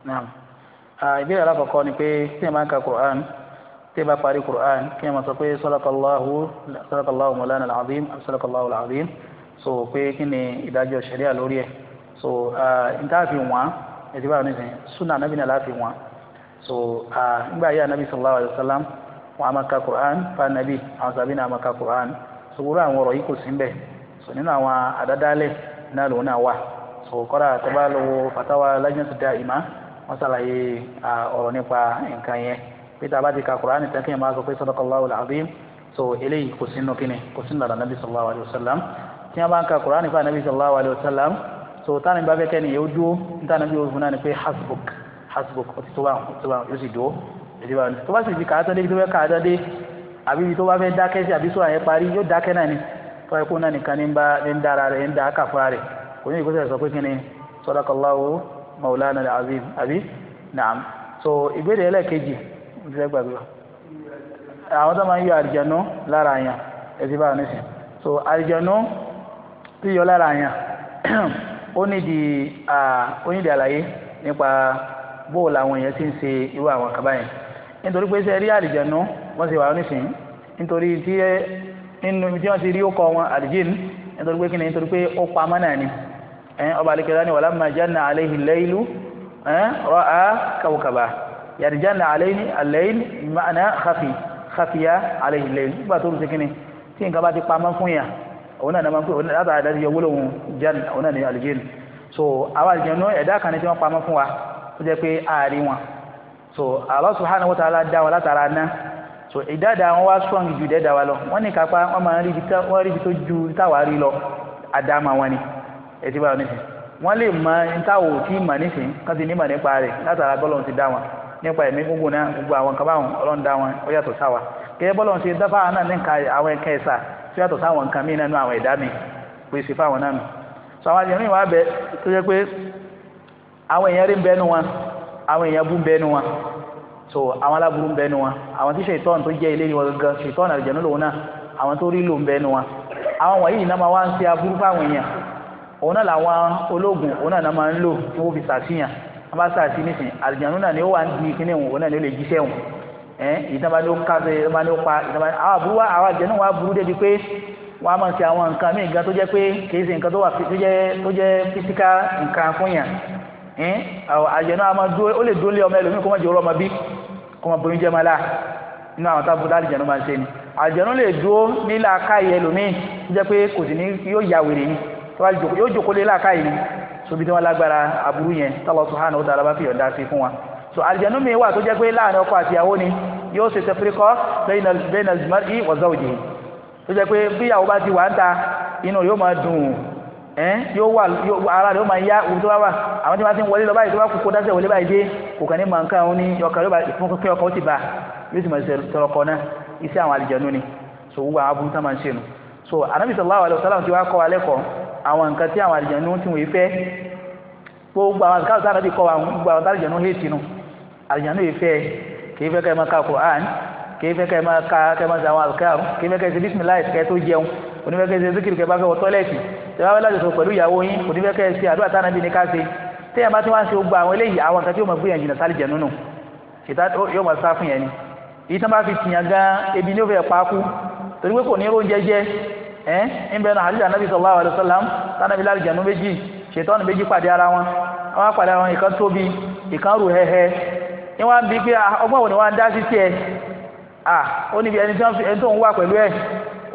naam ìbéèrè alákọ̀ọ́kọ́ ni pé tí ẹ máa ń ka quran tí ẹ bá parí quran kí ẹ máa sọ pé sọlọ́kàláhu sọlọ́kàláhu mọ̀lánà làbím sọlọ́kàláhu làbím so pé kí ni ìdájọ́ ṣẹ̀ríà lórí ẹ̀ so ntaàfi wọn ẹ̀sìn báyọ̀ nísìnyí sunna anabi náà láàfi wọn so nígbà yìí anabi sallallahu alayhi wa sallam wọn a máa ka quran fa anabi àwọn sàbí náà máa ka quran so wúrọ̀ àwọn ọ̀rọ̀ yìí kò sí mbẹ̀ so nínú àwọn àdádálẹ̀ náà lòun náà wà so kọ́ra àtàbà lọ́wọ́ fatawa lajnatu da'ima wọ́n ṣàlàyé ọ̀rọ̀ nípa nǹkan yẹn peter abadi ka Qur'an tán kéèyàn máa sọ pé sadaqallahu al-azim so eléyìí kò sínú kíni kò sínú dàdà nàbí sallallahu alayhi wa sallam tí wọ́n bá ń ka Qur'an fún anabi sallallahu alayhi wa so tani bá fẹ́ kẹ́ni yóò dúró ní tani bí wọ́n ní pé hasbuk hasbuk ó ti tó báwọn ó ti tó báwọn yóò sì dúró èdè báwọn tó bá sì fi kàátọ́ dé ibi tó fẹ́ kàátọ́ dé àbí ibi tó bá fẹ́ dákẹ́ sí àbí sóra yẹn parí yóò dákẹ́ náà ni tó yẹ kó náà nìkan ní ń bá ń dára rẹ̀ ń dá kàfúrà rẹ̀ kò ní ìgbésẹ̀ sọ pé kíni sadaqallahu maulana al-azim àbí naam so ìbéèrè ẹlẹ́ẹ̀kejì ìṣẹ́ gbàgbé àwọn tó máa ń yọ àlìjànnú lára àyàn ẹ̀sìn báwọn nísìn so àlìjànnú yíyọ lára àyàn ó nídìí ó nídìí àlàyé nípa bóòlù àwọn èèyàn ti ń ṣe irú àwọn kaba yẹn nítorí pé sẹ́ẹ̀rí àlìjànnú wọ́n ti wà nísìn nítorí tí nínú ibi tí wọ́n ti rí ó kọ́ wọn àlìjìn nítorí pé kí ni nítorí pé ó pa mọ́ ni Eh, ọba alikẹ́lá ni walamma janna alayhi al-laylu eh, ra'a kawkaba yàtí janna alayhi al-layl ma'na khafi khafiya alayhi al-layl nígbà tó rúṣe kínní tí nǹkan bá ti pamọ́ fún yà òun náà máa ń pè òun náà látara ìdájọ́ wúlòhùn jan òun náà ní aljin so àwọn àlùjànnú ẹ̀dá kan ní tí wọ́n pamọ́ fún wa tó jẹ́ pé ààrí wọn so Allah subhanahu wa ta'ala dá wọn látara náà so ìdáadáa wọn wá strong ju dẹ́dá wa lọ wọ́n ní kápá wọ́n máa ń rí ibi tó ju táwa rí lọ àdámà wọn ni ẹtí báyọ̀ nísìn wọ́n lè mọ ntáwò tí mà nísìn kán ti nímọ̀ nípa rẹ̀ látara bọ́lọ̀ ti dá wọn nípa ẹ̀mí gbogbo náà gbogbo àwọn nǹkan báwọn ọlọ́run dá wọn ó yàtọ̀ sáwa kẹ́ bọ́lọ̀ ti dá fáwọn náà níka àwọn ẹ̀ka ẹ̀sà tó yàtọ̀ sáwọn nǹkan míì nínú àwọn ẹ̀dá mi pé fáwọn náà nù sọ àwọn àjẹmí wa bẹ tó jẹ pé àwọn èèyàn rí bẹnu wọn àwọn èèyàn bú bẹnu wọn so àwọn aláburú ń bẹnu wọn àwọn tí ṣètọ́n tó jẹ́ ilé ni wọn gangan ṣètọ́n àlùjẹ̀nu lòun náà àwọn tó rí lò bẹnu wọn àwọn wọ̀nyí ìnáma wá ń ṣe aburú fáwọn èèyàn òun náà làwọn ológun òun náà máa ń lò tí wọ́n fi sàṣìyàn wọ́n bá sàṣì nísìn àlùjànnú náà ni ó wà ń di kíní òun náà ni ó lè jíṣẹ́ òun ẹ̀ ìtàbá ni ó ká ìtàbá ni ó pa ìtàbá ni àwọn àbúrò àwọn àlùjànnú wa burú débi pé wọ́n á máa ṣe àwọn nǹkan míì gan tó jẹ́ pé kì í ṣe nǹkan tó wà tó jẹ́ tó jẹ́ físíkà nǹkan fún yàn ẹ̀ àlùjànnú náà máa dúró ó lè dúró lé ọmọ ẹlòmíì kó má jẹ́ oró ọmọ bí kó má boyún jẹ́ máa àwọn tábù tá àlùjànnú máa ń ṣe ni àlùjànnú lè dúró nílà káyẹ ẹlòmíì tó jẹ́ pé kò sì ní yóò yà wèrè ni yóò jòkó lé làákàyè ni sobi tí wọ́n lágbára aburú yẹn tọ́lọ́ subhanahu wa ta'ala bá fi yọ̀ǹda sí fún wa so àlìjẹ̀nú mi wà tó jẹ́ pé láàrin ọkọ àti ìyàwó ni yóò ṣe tẹfirikọ́ bẹ́ẹ̀nà mari wa zawji tó jẹ́ pé bí ìyàwó bá ti wà ń ta inú yóò máa dùn ẹ́n yóò wà ara rẹ̀ yóò máa yá òun tó bá wà àwọn tí wọ́n ti ń wọlé lọ báyìí tó bá kókó dáṣẹ́ wọlé báyìí dé kò kàn ní mọ̀ nǹkan òun ní ọkàn yóò bá fún pé ọkàn ó ti bà yóò sì máa ṣe tọrọ náà iṣẹ́ àwọn àlìjẹ̀nú ni so wúwo àwọn aburú tá máa ń ṣe nu so Ànábì sallallahu alaihi wasallam ti wá kọ́ wa lẹ́kọ̀ọ́ àwọn nǹkan tí àwọn àlìjẹ̀nú tí wọ́n fẹ́ gbogbo àwọn àlìkáwò tí ànábì kọ́ wa gbogbo àwọn àlìjẹ̀nú hé tinú àlìjẹ̀nú yìí fẹ́ kì í fẹ́ kẹ́ ẹ máa ka Qur'an kì í fẹ́ kẹ́ ẹ máa ka kẹ́ ẹ máa sàwọn àlìkáwò kì í fẹ́ kẹ́ ẹ ṣe bisimilayi kẹ́ ẹ tó jẹun onífẹ́ kẹ́ ẹ ṣe zikiri kẹ́ ẹ bá fẹ́ wọ tọ́lẹ̀tì tẹ́ ẹ bá láti ẹ́ níbẹ̀ náà àdìsá nàbì sallallahu alaihi wasallam tánàbí lálùjẹ̀nu méjì ṣètọ́nù méjì pàdé ara wọn àwọn pàdé ara wọn ìkan tóbi ìkan rù ni pé ọgbọ́n dá sí à ó níbi ẹni tó ń wà pẹ̀lú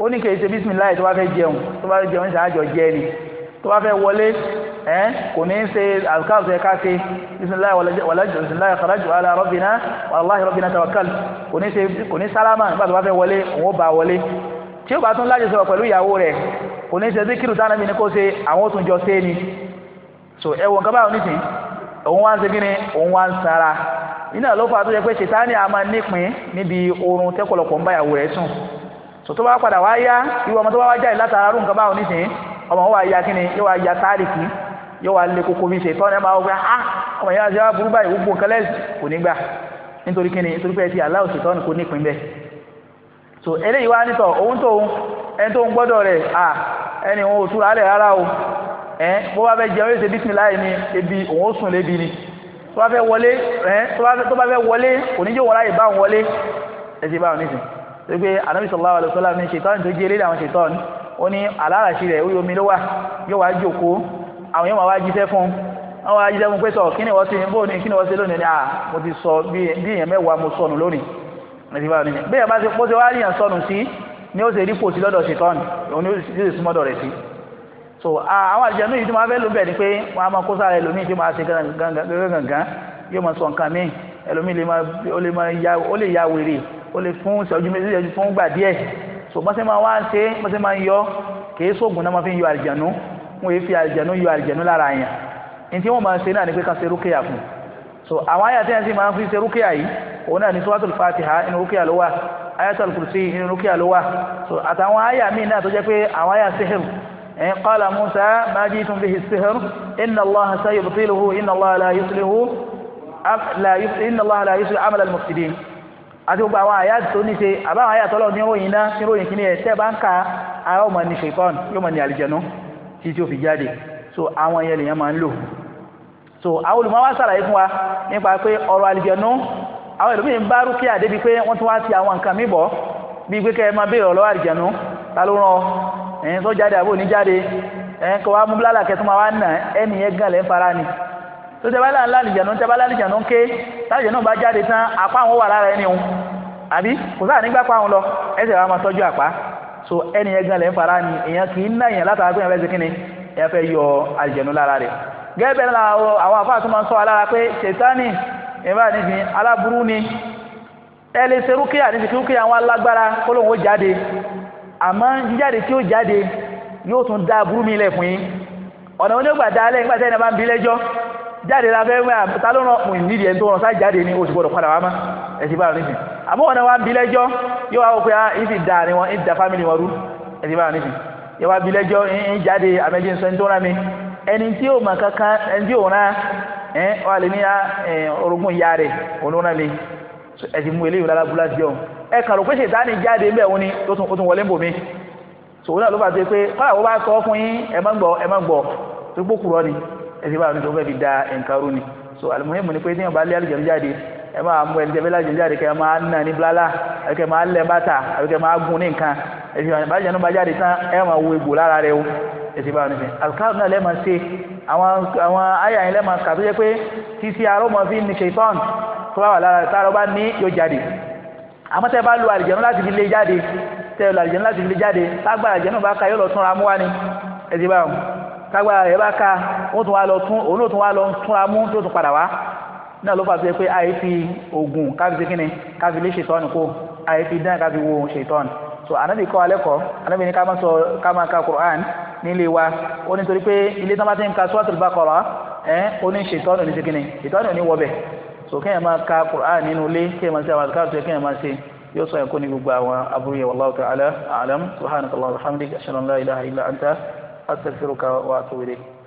ó ní kèé ṣe bísímìláì tó bá fẹ́ jẹun tó bá fẹ́ jẹun ní sàájọ jẹ ni tó bá fẹ́ wọlé ẹ kò ní ṣe tí ó bá tún láti sọ̀rọ̀ pẹ̀lú ìyàwó rẹ̀ kò ní ṣe zikiru tánà mi ní kó ṣe àwọn tún jọ ṣe ni so ẹ̀wọ̀n kan báwọn nìsín òun wá ń ṣe kí ni òun wá ń sara iná ló fà tó yẹ pé ṣètánì a máa nípìn níbi oorun tẹ́kọ̀lọpọ̀ ń bá ìyàwó rẹ̀ sùn so tó bá padà wá yá irú ọmọ tó bá wá jáde látara rú nǹkan báwọn nìsín ọmọ wa ya kí ni yóò wá ya táàlìkì yóò wá lé koko bí ṣe ah ọmọ yẹn wá ṣe wá burú báyìí gbogbo nǹkan lẹ́sìn kò ní so eléyìí wá nítọ̀ òun tó òun ẹni tó ń gbọ́dọ̀ rẹ̀ à ẹni òun ò túra alẹ̀ rárá o ẹ̀ bó bá fẹ́ jẹun èsè bísímìláì ni ebi òun ó sùn lébi ni tó bá fẹ́ wọlé ẹ̀ tó bá fẹ́ wọlé oníjó wọn láyè bá òun wọlé ẹsẹ̀ bá òun nísìn tó gbé anabi sallallahu alaihi wasallam ní ṣètọ́ni tó jẹ́ eléyìí àwọn ṣètọ́ni ó ní aláràṣí rẹ̀ ó yomi ló wà yóò wá jókòó àwọn yóò wá jíṣẹ́ fún wọn wá jíṣẹ́ fún pé sọ kí ni wọ́n ti bó ni kí ni wọ́n ti lónìí ni à mo ti ní ti bá ní bẹ́ẹ̀ bá ti kó ṣe ni ó ṣe rí pòsí lọ́dọ̀ ṣetán òun ni so àwọn àjẹmí yìí tí wọ́n fẹ́ ló bẹ̀ ni pé wọ́n á máa kó sára ẹlòmíì tí máa ṣe gangan yóò máa sọ ya wèrè ó lè fún ìṣẹ́jú méjì ìṣẹ́jú fún so bọ́sẹ̀ máa wá ń ṣe bọ́sẹ̀ máa ń yọ kìí sóògùn náà máa fi ń yọ àlìjànú wọ́n èé fi àlìjànú yọ àlìjànú lára so àwọn àyà tí wọ́n sì òun náà ní suratul fatiha inú rúkìá ló wà ayatul kursi inú rúkìá ló so àtàwọn àyà míì náà tó jẹ́ pé àwọn àyà sihr ẹ̀yìn qala musa ma jitum bihi sihr inna allaha sayubtiluhu inna allaha la yuslihu inna allaha la yuslihu amala al-mufsidin àti gbogbo àwọn àyà tó ní ṣe àbáwọn àyà tọ́lọ̀ ní ròyìn náà ní ròyìn kìíní ẹ̀ tẹ́ bá ń ka ara ọmọ ní ṣèkọ́n yóò mọ̀ ní àlìjẹ̀nú tí tí ó fi jáde so àwọn ẹyẹ lèèyàn máa ń lò so àwọn olùmọ̀ wá sàlàyé fún wa nípa pé ọ̀rọ̀ àlìjẹ̀nú àwọn ẹlòmíì ń bá rúkìá débi pé wọ́n tún wá ti àwọn nǹkan mi bọ̀ bíi pé kẹ́ máa béèrè ọlọ́wọ́ àdìjẹ̀nu ta ló rán ọ ẹ̀yìn tó jáde àbò níjáde ẹ̀yìn kọ́ wa mú bílálà kẹ́ tó máa wá nà ẹ̀mí yẹn gan lẹ́ ń fara ni tó tẹ́ bá láàlá àdìjẹ̀nu tẹ́ bá láàlá àdìjẹ̀nu ń ké táàjẹ̀ náà bá jáde tán apá àwọn wà lára ẹni òun àbí kò sáà nígbà pa àwọn lọ ẹsẹ̀ wa máa tọ́jú àpá so ẹni yẹn gan lẹ́ ń fara ni èèyàn kì í ná èèyàn látara pé ẹ̀fẹ́ kíni ẹ fẹ́ yọ àdìjẹ̀nu lára rẹ̀ gẹ́gẹ́ bẹ́ẹ̀ ni àwọn àfáà tó máa ń sọ ìbá nífi aláburú ni ẹ lè ṣe rúkìá nífi kí rúkìá wọn lágbára kólóhùn jáde àmọ́ jíjáde tí ó jáde yóò tún dá burú mi lẹ̀ fún ọ̀nà wọn ni ó gbà dá alẹ́ nígbà tí ẹni bá ń bi lẹ́jọ́ jáde la fẹ́ wẹ́ ta ló ràn mí nídìí ẹni tó ràn sá jáde ní oṣù gbọdọ̀ padà wá má ẹ̀sìn bá rìn sí àmọ́ ọ̀nà wa ń bi lẹ́jọ́ yóò wá wọ pé ah ni wọn ìfì dà fámìlì wọn rú ẹ̀sìn bá rìn sí yóò mi ẹni tí yóò mọ̀ kankan ẹni tí yóò rán ẹ wà lè ní orogún ìyá rẹ̀ olóńgbò mi ẹ̀sìn mú eléyìí lára búlá sí ọ ẹ kàrò pé jáde ń bẹ̀ wọ́n ni ó tún wọlé ń bò mí sòwò náà ló bá ṣe pé kọ́lá wọ́n bá sọ fún yín ẹ má gbọ́ ẹ má gbọ́ tó gbókùrọ́ ni ẹ̀sìn bá wọn tó fẹ́ fi da nǹkan rú ni so àlùmọ́hìmù ni pé tí wọ́n bá lé àlùjẹ̀mí jáde ẹ máa mú ẹni tẹ́fẹ́ láti jáde kẹ́ máa nà ní blálá kẹ́ máa lẹ́ bàtà kẹ́ máa gún ní nǹkan ẹ̀sìn bá jẹ́ ẹ̀sìn báwọn nífẹ̀ẹ́ alikaru náà lẹ́ẹ̀ma ṣe àwọn àyà yẹn lẹ́ẹ̀ma kà tó jẹ́ pé títí arọ́mọ fi ní ṣètọ́n tó bá wà lára tààrọ́ bá ní yóò jáde àmọ́ tẹ́ bá lu àlìjẹ́nu láti fi lé jáde tẹ́ lu àlìjẹ́nu láti fi lé jáde lágbára àlìjẹ́nu bá ka yóò lọ túnra mú wá ni ẹ̀sìn báwọn kágbára rẹ̀ bá ka wọ́n tún wá lọ tún òun náà tún wá lọ túnra mú tó tún padà wá náà ló fà sí pé àyè fi oògùn káfíńsì kínni káfíńsì ṣètọ́n kó àyè fi dán káfíńsì wo ṣètọ́n so anabi kọ́ alẹ́ kọ́ anabi ní ká sọ ká ka Qur'an nílé wa ó ní torí pé ilé tí wọ́n bá ti ń ka Suratul Baqara ẹ̀ ó ní ṣètọ́nù ní sikini ṣètọ́nù ní wọbẹ̀ so kéèyàn máa ka Qur'an nínú ilé kéèyàn máa ṣe àwọn àdúrà tó yẹ kéèyàn máa ṣe yóò sọ ẹ̀kọ́ ní gbogbo àwọn aburú yẹ ta'ala a'lam subhanaka allahumma wa bihamdika ashhadu an la ilaha illa anta astaghfiruka wa atubu